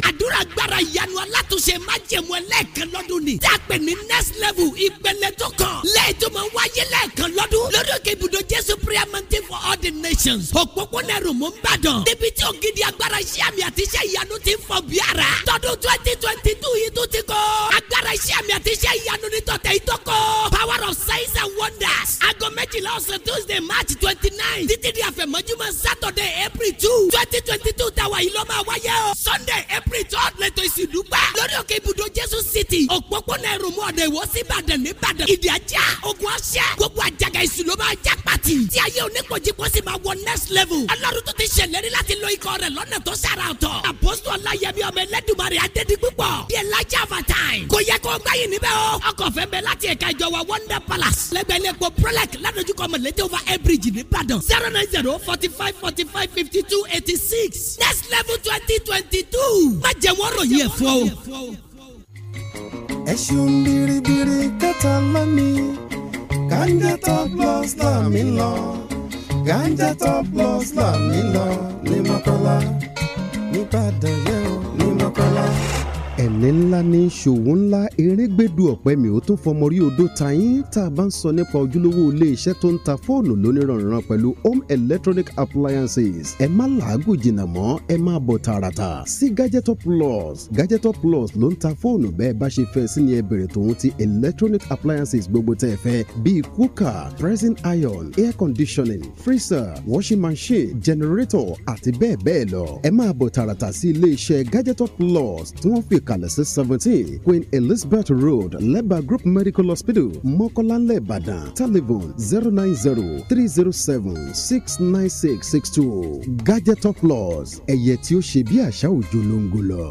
àdúrà gbára ìyanu alátúnṣe má jẹ̀mú ẹlẹ́ẹ̀kan lọ́dún ni. tí a pè ní next level ìpele tó kàn. lẹ́ẹ̀tọ́ máa ń wáyé lẹ́ẹ̀kan lọ́dún. lórí òkè ibùdó jésù prayer mountain for all the nations. òpópónà ẹrù mú nbàdàn. níbi tí ògidì agbára iṣẹ́ àmì àti iṣẹ́ ìyanu ti ń fọ bí ara. tọdún twenty twenty two yìí tún ti kọ́. agbára iṣẹ́ àmì àti iṣẹ́ ìyanu ni tọ̀tẹ̀ yìí tó kọ́. power of signs and wonders. aago méjìlá ọ̀sán tuesday march twenty nine títí di àfẹ̀mọ́júmọ́ saturday april two twenty twenty two tàwa yìí ló máa wáyé o sunday april twelve lẹ́tọ̀ ìsìlú gbà lórí òkè ibùdó jésù city òpópónà ẹ̀rùmọ̀ ọ̀dọ̀ ìwọ sí ìbàdàn nìbàdàn ìdí ajá ogun ọ̀ṣẹ́ gbogbo àjàgà ìsìlú máa já pàtì tí ayé oníkojúkọ sì máa wọ next level ọlọ́run tó ti ṣèlérí láti lo ikọ̀ rẹ̀ lọ́nà tó ṣàrà ọ̀tọ̀ àpòsù ọláyẹmí ọmọ ẹlẹ́dùnmarè adédìgbùpọ̀ the elijah of time kò yẹ kó gbáyìí níbẹ̀ o ọkọ̀ fẹ́ bẹ láti ẹ̀ka ìjọba wonder palace lẹ́gbẹ̀ẹ́lẹ́gbọ̀ prolec ládojúkọ mọ̀lẹ́tẹ̀ over air bridge nìbàdàn zero nine zero forty five forty five fifty two eighty six next level twenty twenty two má jẹ́ wọ́n ròyìn ẹ̀fọ́ o. ẹ biribiri kẹta lọ́mí ganja top plus là lọ ganja top plus là mí lọ ni mọ́kànlá nígbàdàn yẹn ní mọ́kànlá ẹ̀ní ńlá ní ṣòwò ńlá erégbèdú ọ̀pẹ mi ò tún fọmọ rí odò tàyín tá a bá ń sọ nípa ojúlówó iléeṣẹ́ tó ń ta fóònù lóníranran pẹ̀lú home electronic appliances ẹ má làágùn jìnnà mọ́ ẹ máa bọ̀ tààràtà sí gadgetor plus gadgetor plus ló ń ta fóònù bẹ́ẹ̀ bá ṣe fẹ́ sí ni ẹ bèrè tòun ti electronic appliances gbogbo tẹ́ ẹ fẹ́ bíi cooker pressing iron air conditioning freezer washing machine generator àti bẹ́ẹ̀ bẹ́ẹ̀ lọ ẹ máa bọ̀ tààràtà sí iléeṣẹ́ gadgetor plus tí wọ́n fi kalẹ̀ sí seventeen Queen Elizabeth Road Leba Group Medical Hospital Mọ́kọ́lánlẹ̀ Ìbàdàn telephone zero nine zero three zero seven six nine six six two Gadget of Laws ẹ̀yẹ tí ó ṣe bí àṣà òjò ló ń gò lọ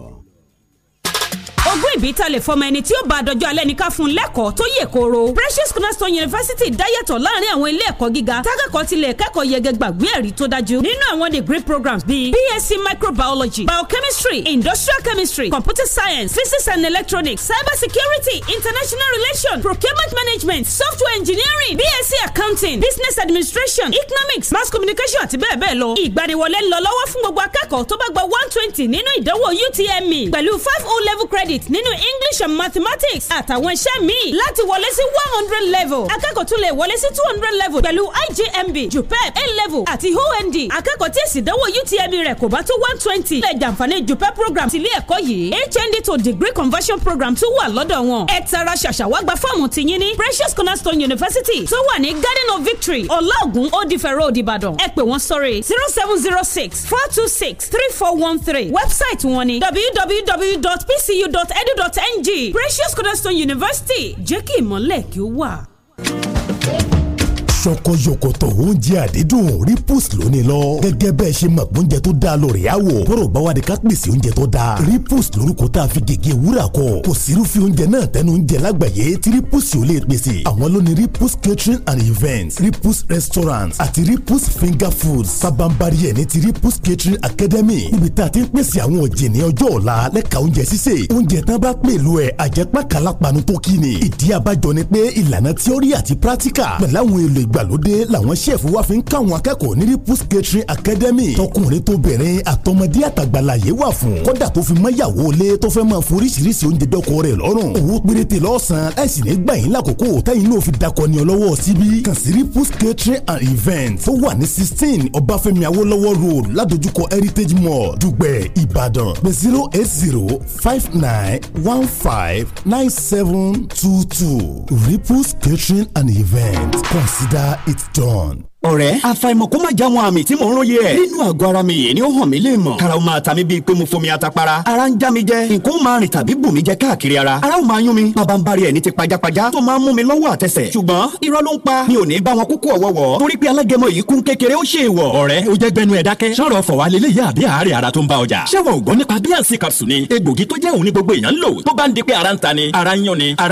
ibi ìtàlẹ̀ fọmọ ẹni tí ó bá àdọ́jọ́ alẹ́ ní fún lẹ́kọ̀ọ́ tó yè kóró. Precious Cornerstone University dáyàtọ̀ láàrin àwọn ilé ẹ̀kọ́ gíga tákàkọ́ tilẹ̀ kẹ́kọ̀ọ́ yege gbàgbé ẹ̀rí tó dájú nínú àwọn degree programs bíi BSc microbiology biochemistry industrial chemistry computer science physics and electronics cyber security international relations procurement management software engineering BSc accounting business administration economics mass communication àti bẹ́ẹ̀ bẹ́ẹ̀ lọ. ìgbaniwọlé ń lọ lọ́wọ́ fún gbogbo akẹ́kọ̀ọ́ tó bá gba one twenty nínú ìdánwò UTME pẹ̀lú five o level credit nínú nínú English and mathematics àtàwọn iṣẹ́ míì láti wọlé sí one hundred level akẹ́kọ̀ọ́ tún lè wọlé sí two hundred level pẹ̀lú IJMB JUPEB A level àti OND akẹ́kọ̀ọ́ tí èsì ìdánwò UTME rẹ̀ kò bá tó one twenty lè jàǹfààní JUPEB program tilé ẹ̀kọ́ yìí HND to degree conversion program tún wà lọ́dọ̀ wọn ẹ tara ṣàṣàwá gba fọ́ọ̀mù ti yín ní Precious Cornerstone University tó wà ní Garden of Victory ọláògùn òdìfẹ̀rọ̀ òdìbàdàn ẹ pè wọ́n sórí zero seven zero six four two six three four one three website wọn ni www.pcu.edu Precious Cornerstone University jẹ́ kí ìmọ̀lẹ̀ kí ó wà ṣọkọ yòkòtò oúnjẹ àdídùn Ripples lónìí lọ gẹ́gẹ́ bẹ́ẹ̀ ṣe mọ̀ pé oúnjẹ tó dáa lórí àwọ̀ bọ́rọ̀ bá wà ká pèsè oúnjẹ tó dáa Ripples lórúkọ tá a fi gègé wúrà kọ kò sírúfẹ́ oúnjẹ náà tẹnu oúnjẹ lágbàáyé tí Ripples yóò lè pèsè àwọn lónìí Ripples catering and events Ripples restaurant àti Ripples finger foods sábàǹbarì ẹ̀ ti Ripples catering academy níbi tá a ti ń pèsè àwọn òjì ní ọjọ́ ọ̀la lẹ́ka oúnjẹ sísè oúnjẹ tán bá pèlú ẹ̀ àjẹpákàlápanu tó kí ìdí abájọ ni pé ìlànà tíọ́rì àti pírátíkà pẹ̀láwọn èlò ìg ìgbàlódé làwọn ṣẹ́ẹ̀fù wa fi ń káwọn akẹ́kọ̀ọ́ ní Ripus Catering Academy tọkùnrin tóbìnrin àtọmọdé àtàgbàláyé wà fún kódà tó fi mọ́yàwó lé tó fẹ́ máa foríṣiríṣi oúnjẹ dọ́kọ rẹ̀ lọ́rùn owó péréte lọ́sàn-án láìsí ní gbà yín lákòókò tẹ́yìn náà fi dakọ ní ọlọ́wọ́ síbí kàn sí Ripus Catering and Events tó wà ní sixteen Ọbáfẹ́mi Awólọ́wọ̀ Road ládojúkọ Heritage Mall Dùgbẹ̀ Ìbàdàn pé zero eight zero five nine one five nine seven two two Ripus Catering and Events consider it's done. ọ̀rẹ́ àfàìmọ̀ kó má jáwọn àmì tí mò ń róye ẹ̀. nínú àgọ́ ara mi yìí ni ó hàn mí lè mọ̀. karaw máa ta mi bíi pé mo fomi atapara. ara ń já mi jẹ nǹkan ó máa rìn tàbí bù mí jẹ káàkiri ara. ara ó máa yún mi bàbá ń bari ẹni ti pajápajá tó máa ń mú mi lọ́wọ́ àtẹsẹ̀. ṣùgbọ́n irọ́ ló ń pa mi ò ní bá wọn kúkú ọ̀wọ́wọ́ torí pé alágẹmọ yìí kún kékeré